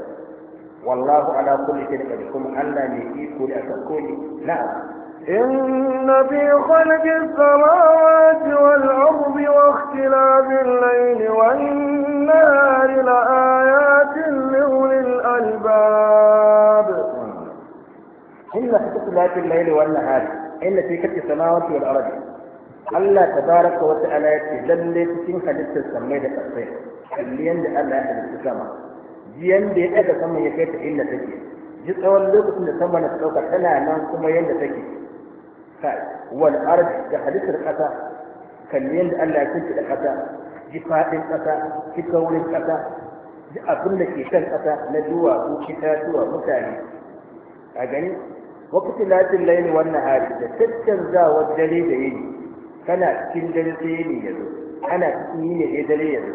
wallahu ala kulli shay'in qadir kuma Allah ne iko da akan komai na'am إن في خلق السماوات والأرض واختلاف الليل والنهار لآيات لأولي الألباب إن في اختلاف الليل والنهار إن في خلق السماوات والأرض Allah tabaraka wa ta'ala ya ce lalle cikin halittar samai da ƙasai kalli yanda Allah ya halitta sama ji yanda ya ɗaga sama ya kai ta inda take ji tsawon lokacin da sama na ɗauka tana nan kuma yanda take kai wal ard da halittar ƙasa kalli yanda Allah ya kunce da ƙasa ji faɗin ƙasa ji kaurin ƙasa ji abin da ke kan ƙasa na duwatsu itatuwa mutane a gani wakati latin laini wannan hari da tattanzawar dare da yini kana cikin dare sai ne ya zo kana cikin yi ne dare ya zo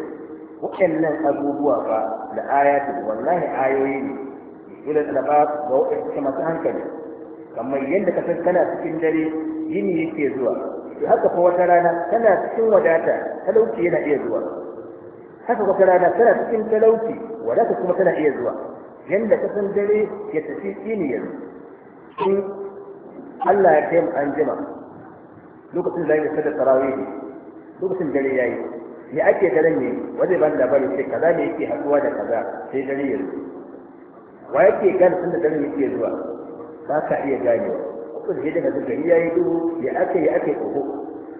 waɗannan abubuwa fa da ayatu wallahi ayoyi ne ila talaba ga waɗanda masu hankali kamar yadda ka san kana cikin dare yini yake zuwa to haka fa wata rana kana cikin wadata talauci yana iya zuwa haka wata rana kana cikin talauci wadata kuma tana iya zuwa yadda ka san dare ya tafi ne ya zo in Allah ya kai mu an jima lokacin da yake sada tarawih lokacin dare yayi me ake daren ne wanda ban bari sai kaza ne yake haɗuwa da kaza sai dare ya wa yake gane tun da daren yake zuwa ba ka iya gane ko sai daga gari yayi duhu ya ake ya ake ko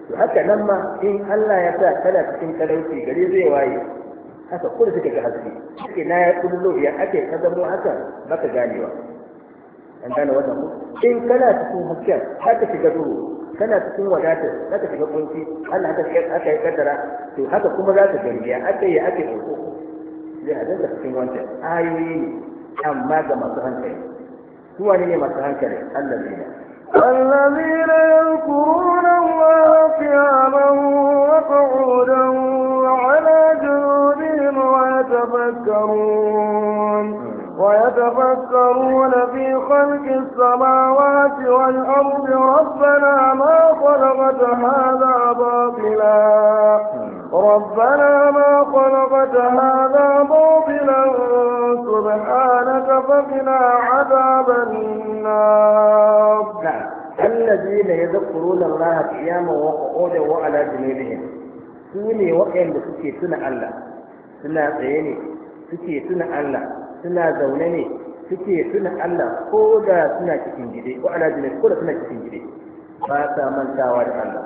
to haka nan ma in Allah ya sa kala cikin talauci gari zai waye haka kullum suka ga haske ake na ya kullu ya ake ka zamo haka baka ganewa an gane wannan ko in kana cikin hasken haka shiga duhu kana cikin wadata za ka shiga kunci Allah haka aka yi kaddara to haka kuma za ka garbiya aka yi aka yi ko zai hadin da cikin wancan ayoyi ne amma ga masu hankali su wani ne masu hankali Allah zai da الذين يذكرون الله قياما وقعودا وعلى جنوبهم ويتفكرون ويتفكرون في خلق السماوات والأرض ربنا ما خلقت هذا باطلا ربنا ما خلقت هذا باطلا سبحانك فقنا عذاب النار نعم. الذين يذكرون الله قياما وقعودا وعلى جنوبهم سوني وقعين بسكي سنة الله سنة عيني سكي سنة الله suna zaune ne suke suna Allah ko da suna cikin gide ko ala jinai ko da suna cikin gide ba sa mantawa da Allah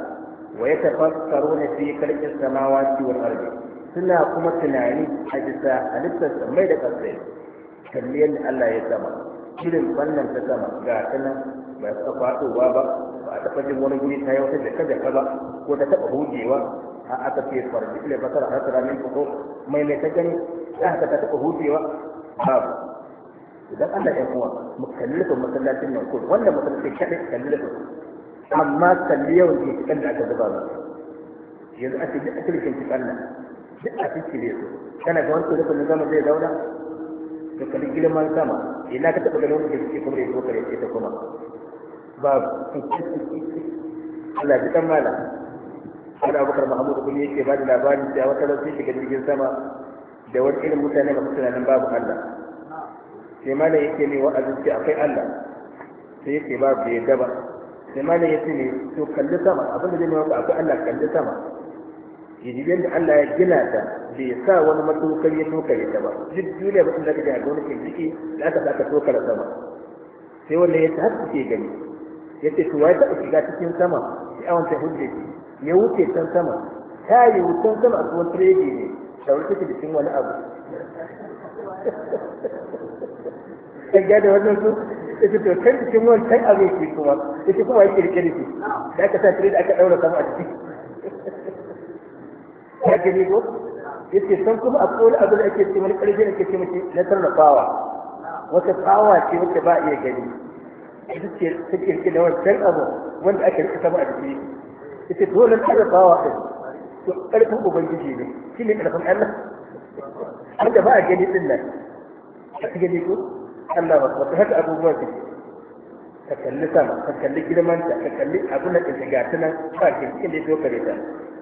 wa ya tafakkaru ne fi karkin samawa ciwon arzi suna kuma tunani a bisa halittar samai da kasai kalli yadda Allah ya sama shirin wannan ta sama ga ta ba su faɗowa ba ba a taɓa jin wani guri ta yi wata jaka jaka ba ko ta taɓa hujewa a aka ce farji ile basara har tsara min fito mai mai ta gani za ka taɓa hujewa babu idan Allah ya uwa mu kalli ba masallacin nan ko wanda masallacin kadai kalli ba amma kalli yawan ke cikin da aka zuba ba yanzu a cikin asibitin cikin nan duk a cikin ne su kana ga wani rukun zama zai zauna to kalli girman sama ina ka taɓa ganin wanda ke kuma da ya zo kare ce ta kuma babu Allah ji kan mala Abu abubakar Muhammadu kuma yake ba da labarin cewa wata ran sai shiga jirgin sama da wani irin mutane masu tunanin babu Allah sai malam yake ne wa'azin ce akwai Allah sai yake babu da yadda ba sai ya yake ne to kalli sama abin da zai ne akwai Allah kalli sama jirgin da Allah ya gina ta bai sa wani matukar ya tokar yadda ba duk duniya ba zaka kaje ga wani ke jiki da aka saka tokar sama sai wanda ya ta ke gani ce to wai taɓa shiga cikin sama sai awon ta hujje ya wuce can sama ta yi wucin sama a tsohon tredi ne shauri take jikin wani abu ta da wannan su ita to kan jikin wancan abin shi kuma ce kuma yake rike da shi da aka sa tire da aka daura sama a ciki ya gani ko ce san kuma a kowane abin da ake ce wani karfi da ake ce mace na tarnafawa wata tsawa ce wacce ba a iya gani ita ce take rike da wancan abu wanda aka rike sama a ciki ita to wannan tarnafawa din to ƙarfin ubangiji ne shi ne ƙarfin Allah an da ba a gani ɗin nan a ci gani ko Allah ba wata haka abubuwan su ka kalli sama ka kalli girmanta ka kalli abin da ta gata nan ba ke cikin da ya dogare ta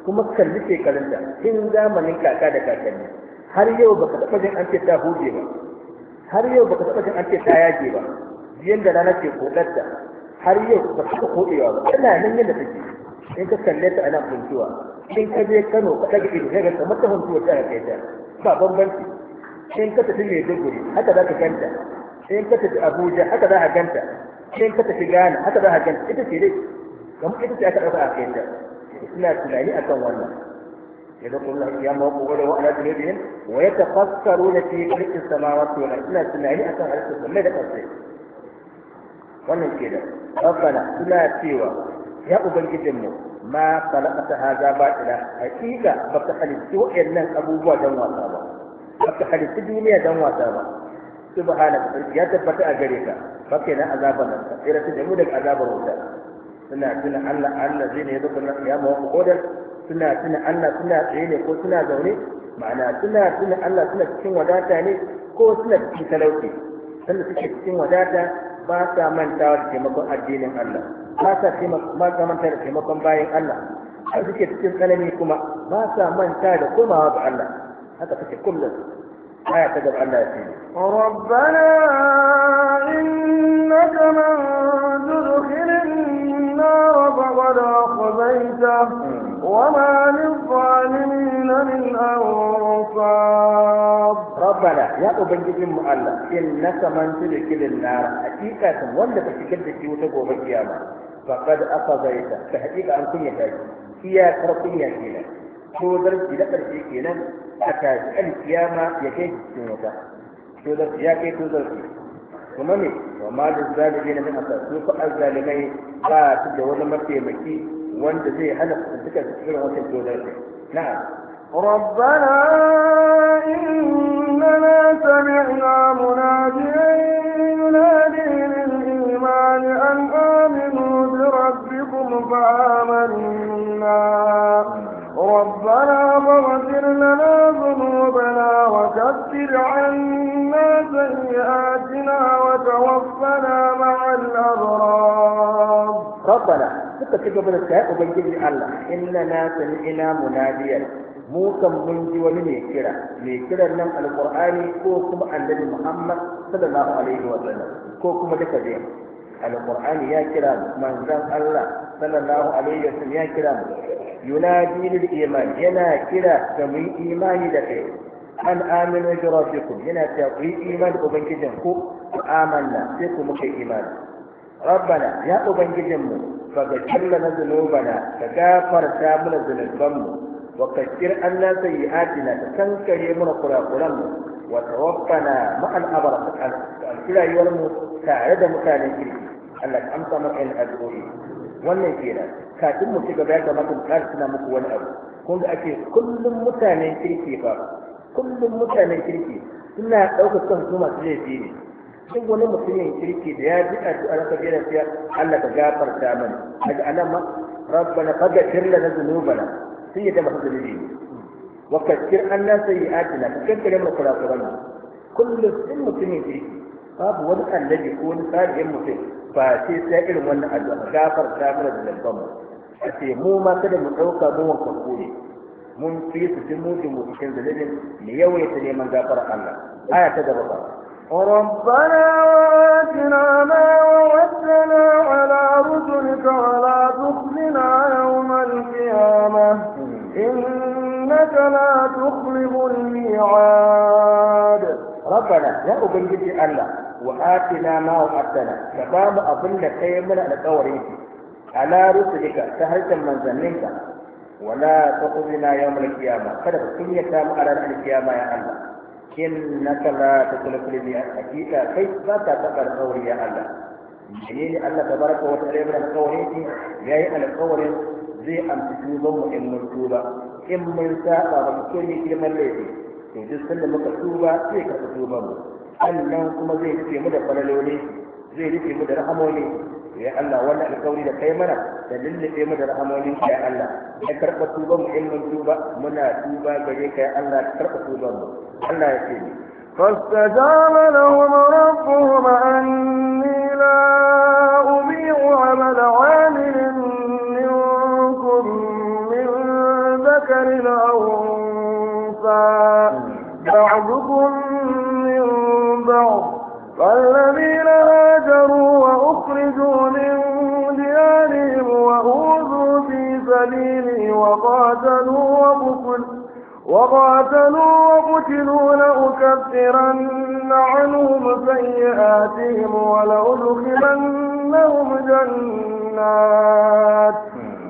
kuma kalli shekarunta in zamanin kaka da kakanni har yau baka taɓa jin an ce ta huje ba har yau baka taɓa jin an ce ta yage ba jiyan da rana ke kodarta har yau ba ta koɗewa ba tana nan yadda take in ka kalle ta nan kuntuwa in ka je Kano ka daga ido sai ka kamar ta hantu wata ka ta ba bambanci in ka tafi Maiduguri haka za ka ganta in ka tafi Abuja haka za ka ganta in ka tafi Ghana haka za ka ganta ita ce dai kamar ita ce aka ɗauka a kai ta ina tunani akan wannan يدعو الله القيام وقبوله وعلى جنوبهم ويتفكرون في خلق السماوات والارض لا تنعي اكثر على السماء ماذا قصدي؟ wannan ke da rabbana suna cewa ya ubangijin mu ma khalaqata ba ila hakika baka halitta wayannan abubuwa dan wasa ba baka halitta duniya dan wasa ba subhanaka ya tabbata a gare ka ba kai na azaban nan ka tsira da mu daga azabar wuta suna tuna Allah Allah zai ne zuwa nan ya mawa kodar suna tuna Allah suna tsaye ne ko suna zaune ma'ana suna tuna Allah suna cikin wadata ne ko suna cikin talauci sanda suke cikin wadata ba sa mantawa da taimakon addinin Allah ba sa manta da taimakon bayan Allah har suke cikin tsanani kuma ba sa manta da komawa ga Allah haka suke kullum aya ta gaba Allah ya ce rabbana innaka man tudkhilin nar faqad akhzayta وما للظالمين من أنصار ربنا يا أبنجد المؤلف إنك من تدخل النار حقيقة ولا تشكل في وتقوى القيامة فقد أقضيت تحديد عن كل شيء هي كرطية كينا شودر إلى كرطية كينا أكاد القيامة يكيد سنوكا شودر يا كي شودر كي ومامي وما جزال بينا من أسر سوف أزال مي لا تبدو ولا مرتي مكي وانت زي هلق تلك تكفر وانت شودر كي نعم ربنا إننا سمعنا منادئين فآمنا ربنا فاغفر لنا ذنوبنا وكفر عنا سيئاتنا وتوفنا مع الأبرار ربنا suka ci gaba da tsaye ubangiji Allah inna na sami'ina munadiyar mu kan mun ji wani mai kira mai kiran nan alqur'ani ko kuma annabi Muhammad sallallahu alaihi wa sallam ko kuma duka dai alqur'ani ya kira manzon Allah sallallahu alaihi wasallam ya kira mu yunadi lil iman yana kira ga mu imani da kai an aminu bi rabbikum yana ta ku iman ubangijin ku amanna sai ku muke imani rabbana ya ubangijin mu fa gafir lana dhunubana ka gafarta mana dhunuban mu wa kaffir anna sayyi'atina ka kankare mana kurakuran mu wa tawaffana ma'al abara ka mu tare da mutanen kirki Allah ka amsa maka al'addu'i wannan kenan kafin mu ci gaba ya kamata mu ƙara tuna muku wani abu kun ga ake kullum mutanen kirki fa kullum mutanen kirki suna ɗaukar kan su masu laifi ne duk wani mutumin kirki da ya ji addu'a na kabila sai Allah ka gafarta mana daga anan ma rabbana faghfir lana dhunubana sai ya masu zunubi ne wa kaskir anna sayyi'atina ka kankare mu kurakuran kullum sun mutumin kirki babu wani annabi ko wani salihin mutum ba sai sai irin wannan addu'a gafar ta mana da dabban mu sai mu ma kada mu dauka mu wanka kore mun fi su cikin mutum mu cikin zalibin mu yawaita neman gafar Allah aya ta gaba ba ربنا واتنا ما وعدتنا على رسلك ولا تخزنا يوم القيامة إنك لا تخلف الميعاد ربنا يا أبنجي الله واتنا ما وعدتنا كباب اظن كيمنا لقوريك على رسلك سهلت من زمنك ولا تقضينا يوم القيامه كذا كل تام على القيامه يا الله انك لا تخلف لي حقيقه كيف تتقر قولي يا الله جيني أن تبارك وتعالى إيه؟ من القوريك يعني على قوري زي ان تكون ام مرتوبه ام مرتاحه وكل كلمه لي تجسد المكتوبه في كتبه sannan kuma zai rufe mu da falaloli zai rufe mu da rahamoli ya Allah wannan alƙawari da kai mana da lullube mu da rahamolin ya Allah ya karɓa tuba mu in mun tuba muna tuba gare ka ya Allah ka karɓa tuba mu Allah ya ce فاستجاب لهم ربهم أني لا أضيع عمل عامل منكم من ذكر أو أنثى بعضكم والذين هاجروا وأخرجوا من ديارهم وأوذوا في سبيلي وقاتلوا وقتلوا وقاتلوا وقتلوا لأكفرن عنهم سيئاتهم ولأدخلنهم جنات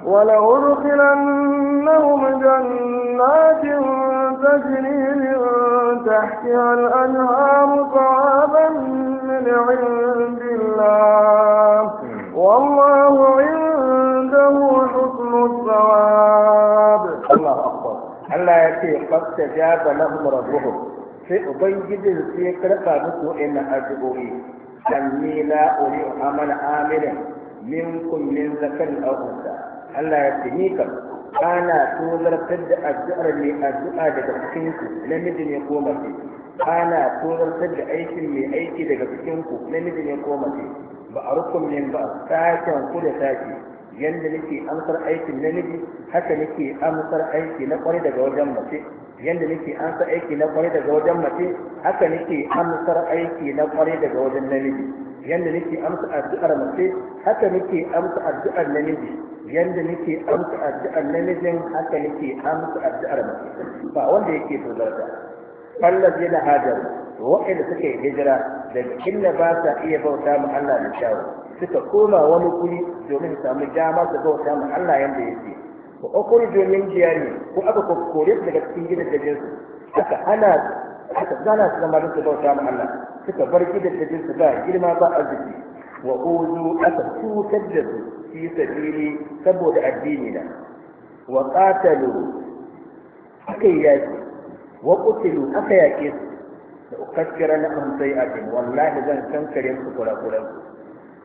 ولأدخلنهم جنات تجري من تحتها الأنهار صعابا من عند الله والله عنده حسن الثواب الله أكبر ألا يأتي قد استجاب لهم ربهم في أبيض في كرقة إن أدعوني أني لا أريد عمل آمنا منكم من ذكر أو أنثى Allah ya ce ni kam ana tozartar da addu'ar mai addu'a daga cikin ku namiji ne ko mace ana tozartar da aikin mai aiki daga cikin ku namiji ne ko mace ba a rukun min ba saken ku da sake yanda nake amsar aikin namiji haka nake amsar aiki na kwarai daga wajen mace yanda nake amsar aiki na kwarai daga wajen mace haka nake amsar aiki na kwarai daga wajen namiji yanda nake amsa addu'ar mace haka nake amsa addu'ar namiji yanda nake amsa addu'ar namijin haka nake amsa addu'ar mace ba wanda yake tozarta Allah yana hajar wa'anda suka yi hijira da kinna ba sa iya bauta mu Allah da shawo suka koma wani guri domin samu dama su bauta mu Allah yanda yake ko akhrujo domin diyari ko aka kokore daga cikin gidajen su aka hana aka zana su zama da bauta mu Allah suka bar gidajen su ba girma ba arziki wa uzu aka cutar da su fi sabili saboda addini na wa qatalu aka yaki wa qutilu aka yake su da ukaskira na an a cikin wallahi zan kankare su kura-kuran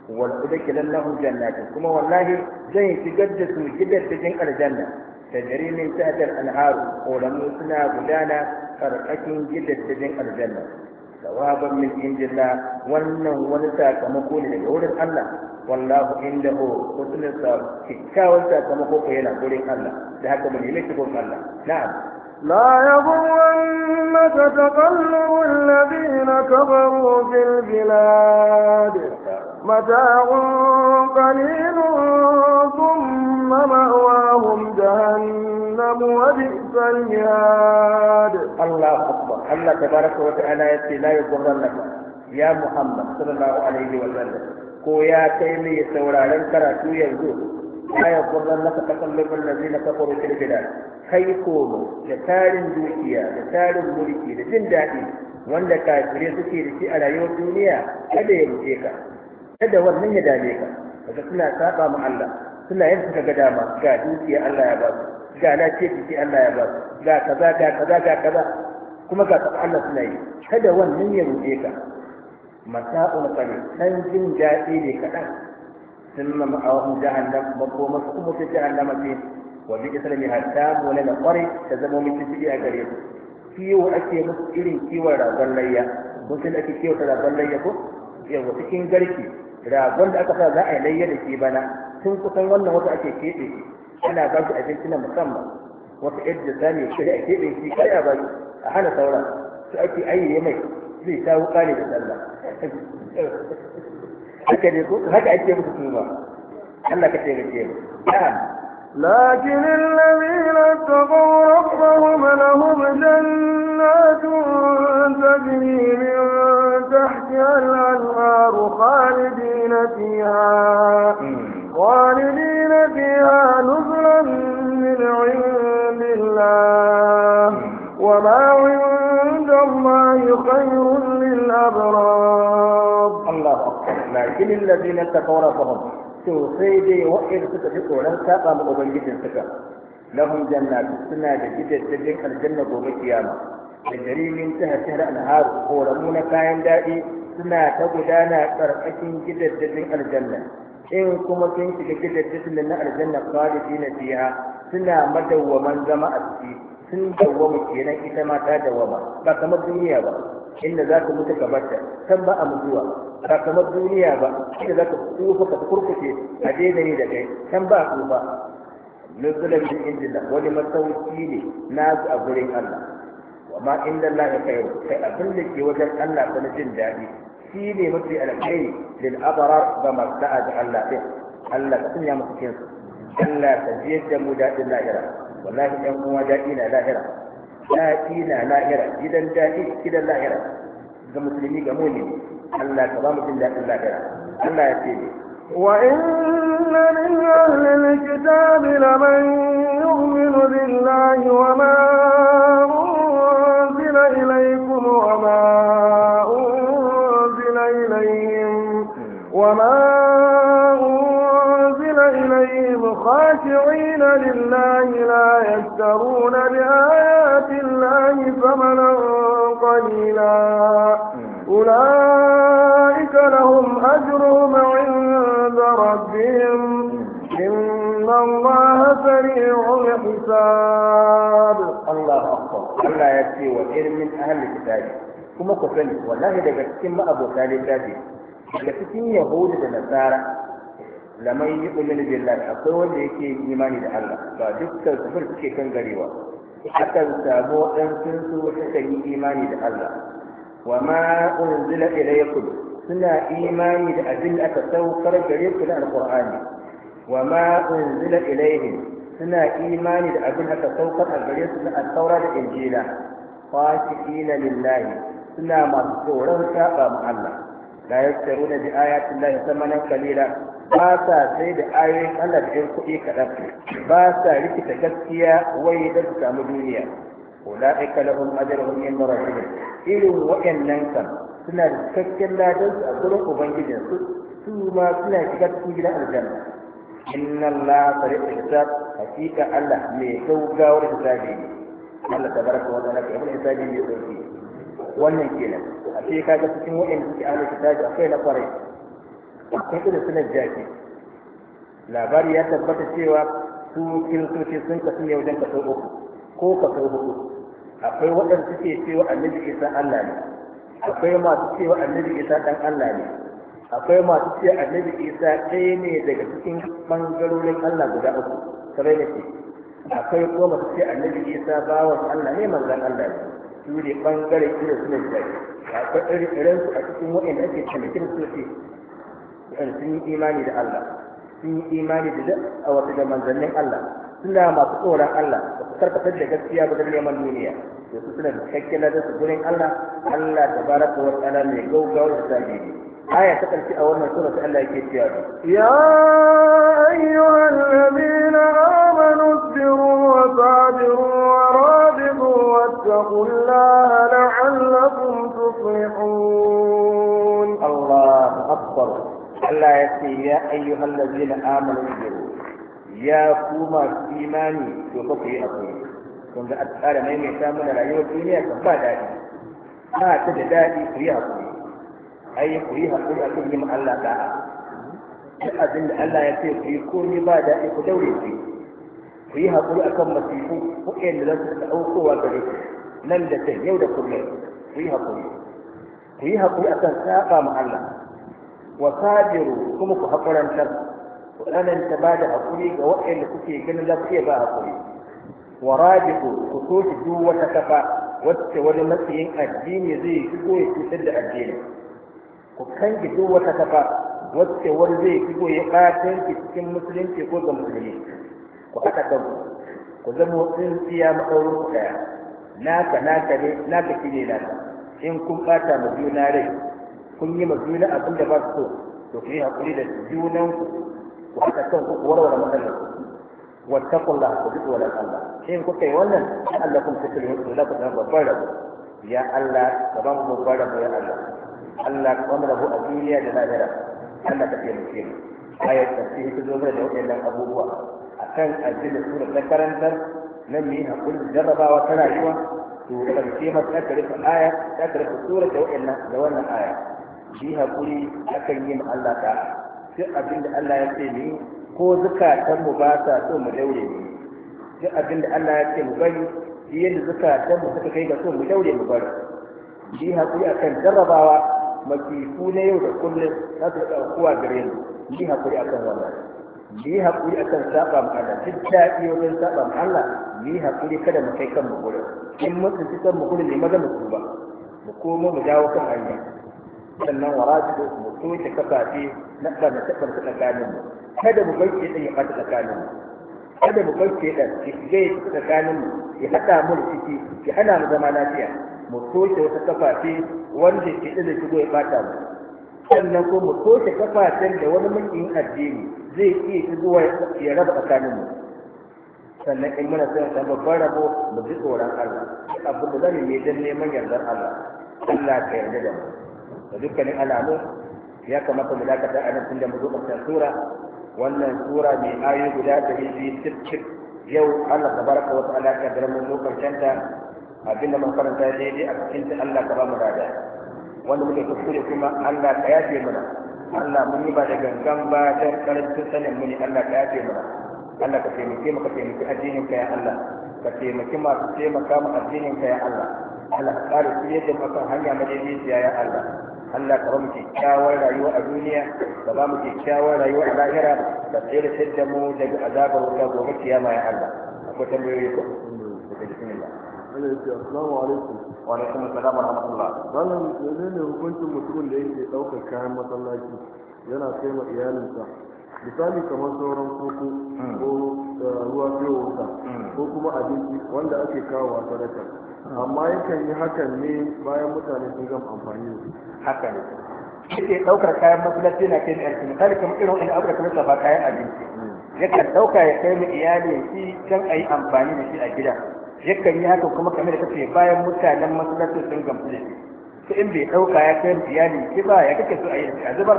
kurakuran wal udkilan lahum jannati kuma wallahi zan yi shigar da su gidajen aljanna تجري من تحت الأنهار ولم يسنى بدانا فرقة جدا تجن الجنة thawaban min indillah wannan wani sakamako ne daga wurin Allah wallahu indahu husnul sab kikkawan sakamako ko yana wurin Allah da haka mun yi nemi kikon Allah na'am لا يغرنك تقلب الذين كفروا في البلاد متاع قليل ثم مأواهم جهنم وبئس المهاد الله أكبر الله تبارك وتعالى لا يضرنك يا محمد صلى الله عليه وسلم ko ya kai mai sauraren karatu yanzu la ya kurran naka takallubin lazi na kafaru filfila kai komo da tarin dukiya da tarin mulki da jin daɗi wanda kafirai suke da shi a rayuwar duniya kada ya rufe ka kada wannan ya dame ka daga suna saba ma Allah suna yin suka ga dama ga dukiya Allah ya ba su ga lafiya jiki Allah ya ba su ga kaza ga kaza ga kaza kuma ga kaza Allah suna yi kada wannan ya rufe ka mata'un qalil dan jin daɗi ne kaɗan Sun sunna ba jahannam makomar kuma ta jahannama ce wa bi islami hatta wala na ƙwarai ta zama mutum a gare su kiwo ake musu irin kiwon ragon layya mutum ake kiwo ta ragon layya ko yawa cikin garki ragon da aka sa za a yi layya da ke bana tun kusan wannan wata ake keɓe ana ba su abinci na musamman wata yadda da sani shirya a keɓe shi kai a bari, a hana sauran su ake ayyaye mai zai sha wuka ne da sallah haka ne ko haka ake musu tuma Allah ka taimake mu لكن الذين اتقوا ربهم لهم جنات تجري من تحتها الأنهار خالدين فيها خالدين فيها نزلا من عند الله وما عند الله خير للأبرار الله أكبر لكن الذين اتقوا ربهم توصيدي وإن تتفقوا لن تقام أبيت لهم جنات السنة جديدة تلك الجنة وبكيامة تجري من alharu الأنهار na kayan daɗi suna ta gudana جدا gidaddadin aljanna in kuma sun shiga gidajen na aljanna khalidina fiha suna madawwaman zama a ciki sun dawwama kenan ita ma ta dawwama ba kamar duniya ba inda za ka mutu gabata san ba a mutuwa ba kamar duniya ba inda za ka tsufa ka kurkuce a daina ne da kai kan ba a tsufa nuzulan min indillah wani masauki ne na a gurin Allah amma inda Allah ya kai kai abin da ke wajen Allah ta na jin daɗi shi ne mafi alkhairi lil abrar ga masu da'a da Allah ɗin Allah ka sanya musu kinsu Allah ka jiyar da mu daɗin lahira wallahi ɗan uwa daɗi na lahira daɗi na lahira gidan daɗi gidan lahira ga musulmi ga mumini Allah ka ba mu jin daɗin lahira Allah ya ce ne وإن من أهل الكتاب لمن يؤمن بالله وما أنزل إليكم وما أنزل إليهم وما أنزل إليهم خاشعين لله لا يشترون بآيات الله ثمنا قليلا أولئك لهم أجرهم عند ربهم إن إن الله سريع الحساب الله أكبر الله يكفي وإن من أهل الكتاب kuma ku sani wallahi daga cikin ma'abota littafi daga cikin yahudu da nasara lamai yi umini billahi akwai wanda yake imani da Allah ba dukkan kafir suke kan garewa akan samu waɗansu su suka yi imani da Allah wa ma suna imani da abin da aka saukar wa ma unzila ilaihim suna imani da abin aka saukar a gare su na al da injila fasiqina lillahi suna masu tsoron saba ma Allah la yastaruna bi ayati llahi thamanan ba sa sai da ayoyin Allah da kuɗi kaɗan ba sa rikita gaskiya wai da su samu duniya ulaika lahum ajruhum inda rabbihim irin wa'annan kan suna da cikakken ladan su a gurin ubangijinsu su ma suna shiga cikin gidan aljanna inna Allah sari hisab hakika Allah mai gaugawar hisabi ne Allah tabaraka wa ta'ala kai hisabi ne sauki wannan kenan a ce kaga cikin wa'in suke ahlul kitabi akwai na kwarai akwai irin suna jaki labari ya tabbata cewa su kiristoci sun kasu ne wajen kaso uku ko kaso hudu akwai waɗanda suke cewa annabi isa Allah ne akwai masu cewa annabi isa dan Allah ne akwai masu ce annabi isa ɗaya ne daga cikin ɓangarorin allah guda uku kare da ke akwai kuma masu ce annabi isa bawan allah ne manzan allah ne su ne ɓangare kira su ne jari akwai irin su a cikin wa'in ake cinikin su ce sun yi imani da allah sun yi imani da duk a wasu da manzannin allah suna masu tsoron allah da su karkatar da gaskiya ba da neman duniya da su suna da cikakken da su gurin allah allah baraka wa ta'ala mai gaugawar da ta ne آية تقل في أول سورة ألا يكيد يا أيها الذين آمنوا اصبروا وصابروا ورابطوا واتقوا الله لعلكم تفلحون الله أكبر ألا يكفي يا أيها الذين آمنوا اصبروا يا كوما إيماني وتقي أقوى كنت أتعلم أن يتامل على يوم الدنيا كفا دادي ما تجد دادي في أقوى ai ku yi haƙuri a kan yi Allah da'a duk abin da Allah ya ce ku yi komai ba daɗi ku daure ku ku yi haƙuri a kan masifu da za su ɗaukowa gare ku nan da can yau da kullum ku yi haƙuri ku yi haƙuri a kan saɓa ma Allah wa sabiru kuma ku haƙurantar ku tsananta ba da haƙuri ga waɗanda kuke ganin lafiya ba haƙuri wa rabiku ku toshe duk wata kafa wacce wani matsayin addini zai shigo ya cutar da addini ku kanki duk wata kafa wacce wani zai shigo ya ki cikin musulunci ko ga musulmi ku haka kanku ku zama tsintsiya maɗaurin ku ɗaya naka naka ne naka shi ne naka in kun ɓata ma juna rai kun yi ma juna abin da ba su so to ku yi haƙuri da junan ku haɗa kanku ku warware matsalar ku ku Allah? واتقوا الله وجدوا ولا الله إن كنت يولن لعلكم تفلحون لكم تنبغوا يا الله تبغوا مبارك ya Allah. Allah ka wanda rabu a duniya da lahira Allah ta taimake mu ayat tafsiri ta zo mana da waɗannan abubuwa akan abin da sura ta karantar nan mu yi hakuri da jarrabawa ta rayuwa to karshe ma ta karfi aya ta karfi sura da waɗannan da wannan aya shi hakuri akan yi ma Allah ta duk abin da Allah ya ce ni ko zukatanmu ba sa so mu daure ne duk abin da Allah ya ce mu bari shi yadda zukatan mu suka kai ga so mu daure mu bari shi haƙuri akan jarrabawa makifu na yau da kullum za su ɗaukuwa gare ni yi haƙuri akan wannan yi haƙuri akan saba ma Allah duk daɗi wajen saɓa ma Allah yi haƙuri kada mu kai mu gurin in mun tsinci mu gurin ne maza mu tuba mu koma mu dawo kan hanya sannan wa ko mu soke kafafe na ɓarna ta su tsakanin mu kada mu bai ke ɗan ya ɓata tsakanin mu kada mu bai ke ɗan ya shiga ya tsakanin mu ya haɗa mu da ciki ya hana mu zama lafiya mu toshe wasu kafafe wanda ke da shigo ya bata mu sannan ko mu toshe kafafen da wani mulkin addini zai iya shigowa ya raba tsakanin mu sannan in muna son san babban rabo mu ji tsoron Allah duk da zan yi dan neman yardar Allah Allah ka yarda da mu da dukkanin alamu ya kamata mu dakata a nan tun da mu zo ƙarshen sura wannan sura mai ayoyi guda ɗari biyu cif cif yau Allah tabaraka wa ta'ala ya kaddara mu ƙarshen ta abin da makaranta daidai a cikin ta Allah ka ba mu rada wanda muke kuskure kuma Allah ka yafe mana Allah mun yi ba da gangan ba da karancin sanin mu ne Allah ka yafe mana Allah ka taimake mu ka taimake addinin ka ya Allah ka taimaki ka taimaka mu addinin ka ya Allah Allah ka kare su yadda mu kan hanya madaidaiciya ya Allah Allah ka ba mu kyakkyawar rayuwa a duniya ka ba mu kyakkyawar rayuwa a lahira ka tsere da mu daga azabar wuta gobe kiyama ya Allah akwai tambayoyi ko yana yake assalamu alaikum wa alaikum assalam wa rahmatullah wannan menene hukuncin mutumin da yake daukar kayan masallaci yana kai ma iyalinsa misali kamar sauran koko ko eh, ruwa fiye ko kuma abinci wanda ake kawo a sadaka amma yakan yi hakan ne bayan mutane sun gama amfani da haka ne yake daukar kayan masallaci na kai ne misali kamar irin wanda abu da kamar ba kayan abinci mm. yakan dauka ya kai mu iyalin shi can a yi amfani da shi a gida yakan yi haka kuma kamar da kace bayan mutanen masallacin sun gamsu da shi in bai dauka ya kai iyali ki ba ya kake so a yi a zubar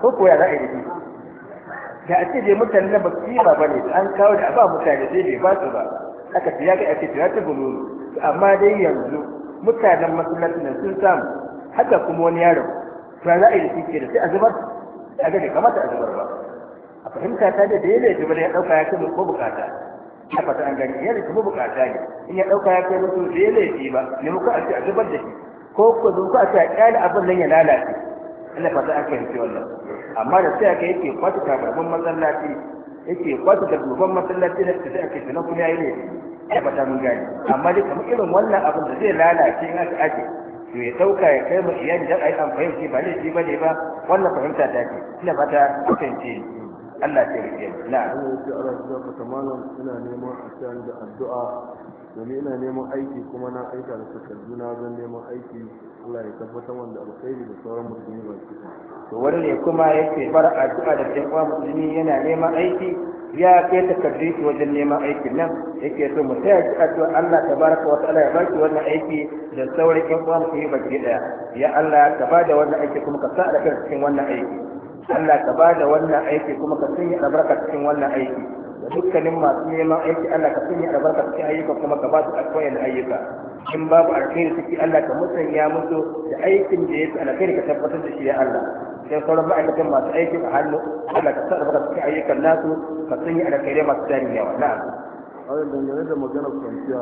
ko ko ya za a yi da a ce dai mutane na ba su ba bane an kawo da ba mutane sai bai ba su ba aka ce ya ga ake ya ta gulu amma dai yanzu mutanen masallacin nan sun samu haka kuma wani yaro ba za a yi shi ke da sai a zubar a ga da kamata a zubar ba a fahimta ta da da da ya dauka ya kai ko bukata a an gani yadda kuma bukata ne in ya ɗauka ya kai musu da ya laifi ba ne muku a ce a zubar da shi ko ku zo ku a ce a ƙyale abin nan ya lalace ina fata an fahimci wannan amma da sai aka yake kwata tabarman masallaci yake kwata da duban masallaci da sai yi na kuma yayi ne laifi fata mun gani amma dai kamar irin wannan abin da zai lalace in aka ake to ya ɗauka ya kai mu iyali don a yi amfani ba shi ba ne ba wannan fahimta ta ce ina fata an fahimce ni Allah ya rike mu na ce Allah ya ka tamanan ina neman a tsayar da addu'a domin ina neman aiki kuma na aika da takardu na don neman aiki Allah ya tabbatar wanda alkhairi da sauran musulmi ba su to wanne kuma yake bar addu'a da ɗan uwa musulmi yana neman aiki ya kai takardu wajen neman aikin nan yake so mu taya shi addu'a Allah tabaraka wa ta'ala ya baki wannan aiki da sauran ɗan uwa musulmi baki daya ya Allah ka bada wannan aiki kuma ka sa da cikin wannan aiki Allah ka ba da wannan aiki kuma ka sanya albarka cikin wannan aiki da dukkanin masu neman aiki Allah ka sanya albarka cikin ayyuka kuma ka ba su alkhairin ayyuka in babu alkhairi ciki Allah ka musanya musu da aikin da yake alkhairi ka tabbatar da shi ya Allah sai sauran ma'aikatan masu aiki a hannu Allah ka sa albarka cikin ayyukan nasu ka sanya alkhairi masu tarin yawa na'am a dangane da maganar kwanciya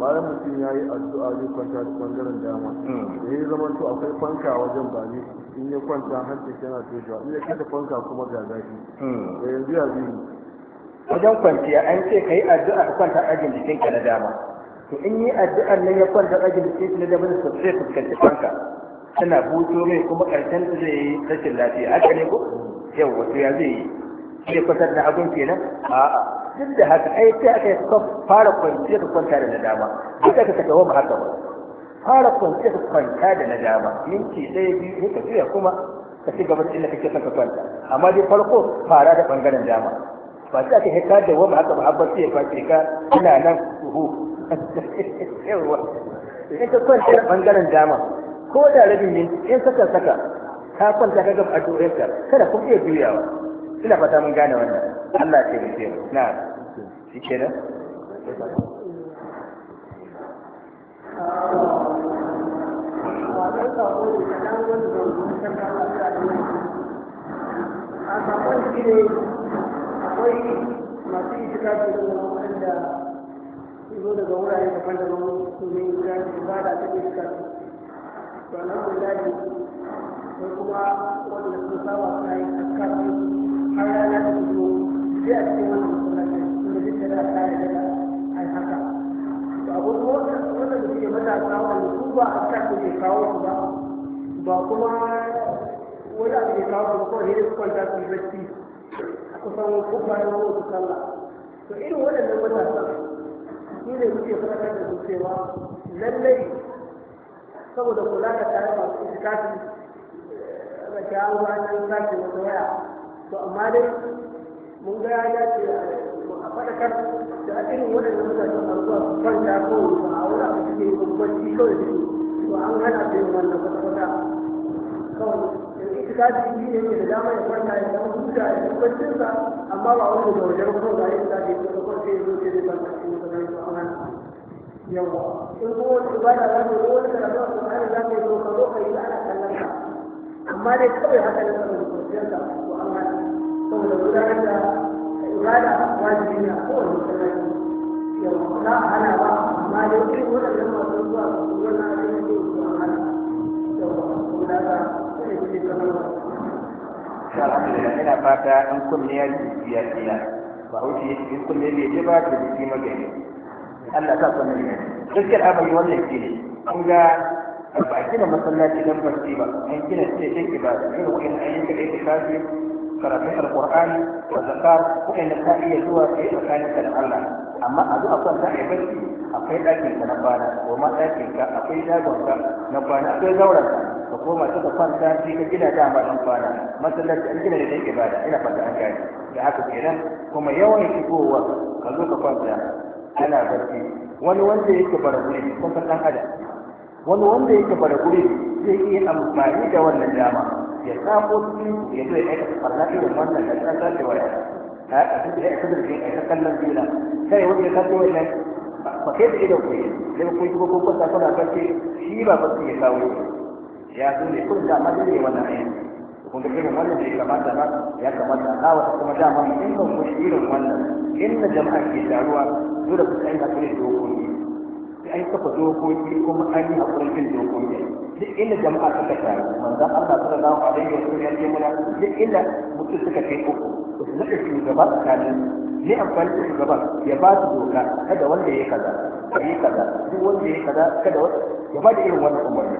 bayan mutum ya yi addu'a zai kwanta da bangaren dama da ya zama to akwai fanka wajen ba ne in ya kwanta hancin yana toshewa in ya kasa fanka kuma ga zafi da yanzu ya zai wajen kwanciya an ce ka yi addu'a ka kwanta ajin jikin ka na dama to in yi addu'ar nan ya kwanta ajin jikin ka na dama sai fuskanci fanka tana buto mai kuma karshen zai yi rashin lafiya haka ne ko yau wasu ya zai yi zai kwatar da abin kenan a'a duk da haka ai sai aka yi fara kwanciya ka kwanta da nadama duk aka saka wani haka ba fara kwanciya ka kwanta da nadama minti ɗaya biyu sai ka tsaya kuma ka ci gaba inda kake son ka kwanta amma dai farko fara da bangaren dama ba sai aka hita da wani haka ba abba sai ya kwace ka ina nan uhu yawa idan ka kwanta da bangaren dama ko da rabin minti in saka saka ka kwanta ka gaba a ka kada kuma iya juyawa ina fata mun gane wannan Allah ya taimake mu na shi a shi ne akwai masu shiga da wanda su zo daga wurare daban-daban su ne da ta iska to nan kuma wanda sun saba suna ya na ta fito sai a cikin wannan masallaci inda duk da za a kare daga ai to abubuwan wannan da suke matasa wanda su ba a kan da kawo su ba ba kuma wani abu da kawo su kawai ne kwanta su yi bacci a kusan ko bayan wasu sallah to irin waɗannan matasa su ne suke faɗakar da su cewa lallai saboda kula da tare masu itikafi ba eh, ta hawa an wata waya to amma dai mun ga ya ce a faɗakar da irin waɗanda mutane a ruwa su kwanta ko ba a wani abu suke bambanci kawai da to an hana da yin wannan kwata-kwata kawai yanzu ita ta ji biyu ne da dama ya kwanta ya samu huta ya yi baccinsa amma ba wani da wajen kawai ba ya sa da ya kwanta ya zo ce zai kwanta shi ne ba ya an yawa in kuma wani ibada za ta yi wani karatu a su hana za ta yi zo ka zo ka yi ana kallon ka amma dai kawai haka ne kawai da kwanciyarsa to an hana saboda gudanar da ibada wajibi ne a kowane masallaci yau za a hana ba amma dai irin waɗannan masu zuwa su na abin da ke zuwa hana yau kuma da ka sai ke kamar alhamdulillah ina fata in kunne ya ji ya ji ya ba wuce in kunne ne ji ba ta ji magani Allah ka san ne gaskiyar abin wannan shi ne kun ga ba a masallaci dan barci ba an gina shi dan ibada irin wa'in ayyuka da yake kafin karatun alƙur'ani wa zakar waɗanda ka iya zuwa ka yi tsakanin ka da Allah amma a zuwa kan a yi akwai ɗakin ka na kwana ko ma ɗakin ka akwai dagon ka na kwana akwai zauren ka ka koma suka kwanta sai ka gina dama ɗan kwana masallaci an gina da ɗan ibada ina fata an gani da haka kenan kuma yawan shigowa ka zo ka kwanta ana barci wani wanda yake baraguri kun san ɗan adam wani wanda yake guri zai iya amfani da wannan dama ya sako cikin ya zo ya aikata irin wannan da ta sace wa yara a cikin ya aikata da ya kallon juna kai wanda ya kace wannan ba kai da ido kuwa sai kun kuma kun kwanta kuna kace shi ba ba ya kawo ya zo ne kun da ma wannan ayyuka kun ga irin wannan da ya kamata ba ya kamata a wata kuma dama in ban kun irin wannan inda jama'a ke taruwa dole ku tsaye da kare dokoki sai an kafa dokoki kuma an yi hakurin dokoki duk inda jama'a suka taru manzon Allah sallallahu alaihi wa sallam ya ce mana duk inda mutum suka kai uku to su nada shugaba tsakanin ne amfani da shugaban ya ba su doka kada wanda ya kaza ka yi kaza duk wanda ya kaza kada wanda ya ba da irin wannan umarni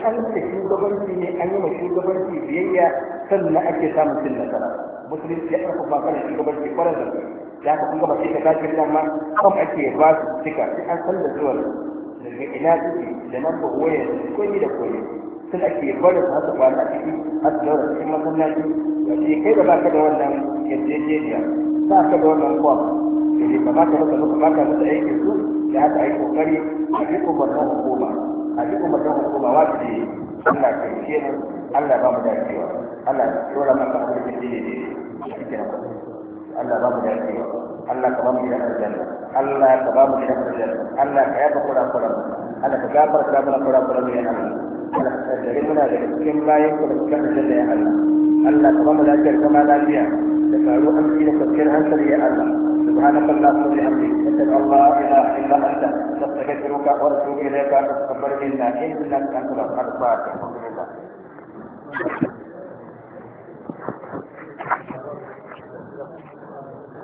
an da shugabanci ne an yi ma shugabanci biyayya sannan ake samun cin nasara musulunci ya karfafa mana shugabanci kwarar da ya ka kuma ba sai ka kafin nan ma kan ake ba su cika sai an san da zuwa daga ina suke da nan ba wayar koyi da koyi sun ake barin su hasa kwana ciki har su daura cikin masallaci ya ce kai da ka da wannan yarjejeniya ba ka da wannan kwam da ne ba ka masa masa baka masa aikin su da haka ai kokari a duk umarnin hukuma a duk umarnin hukuma wata ne Allah ka mu Allah ba mu dacewa Allah ya tsora maka abin da ke ne ne Allah ba mu dacewa Allah ka ba mu shirin aljanna Allah ka ba mu shirin aljanna Allah ka yaba kura kura Allah ka gafarta mana kura kura mu ya Allah Allah ka tsare muna da cikin bayan ku da cikin aljanna ya Allah Allah ka ba mu lafiyar kama lafiya da faru an fi da kwanciyar hankali ya Allah سبحانك اللهم وبحمدك اشهد ان لا اله الا انت نستغفرك ونتوب اليك وتقبل منا انك انت الغفور الرحيم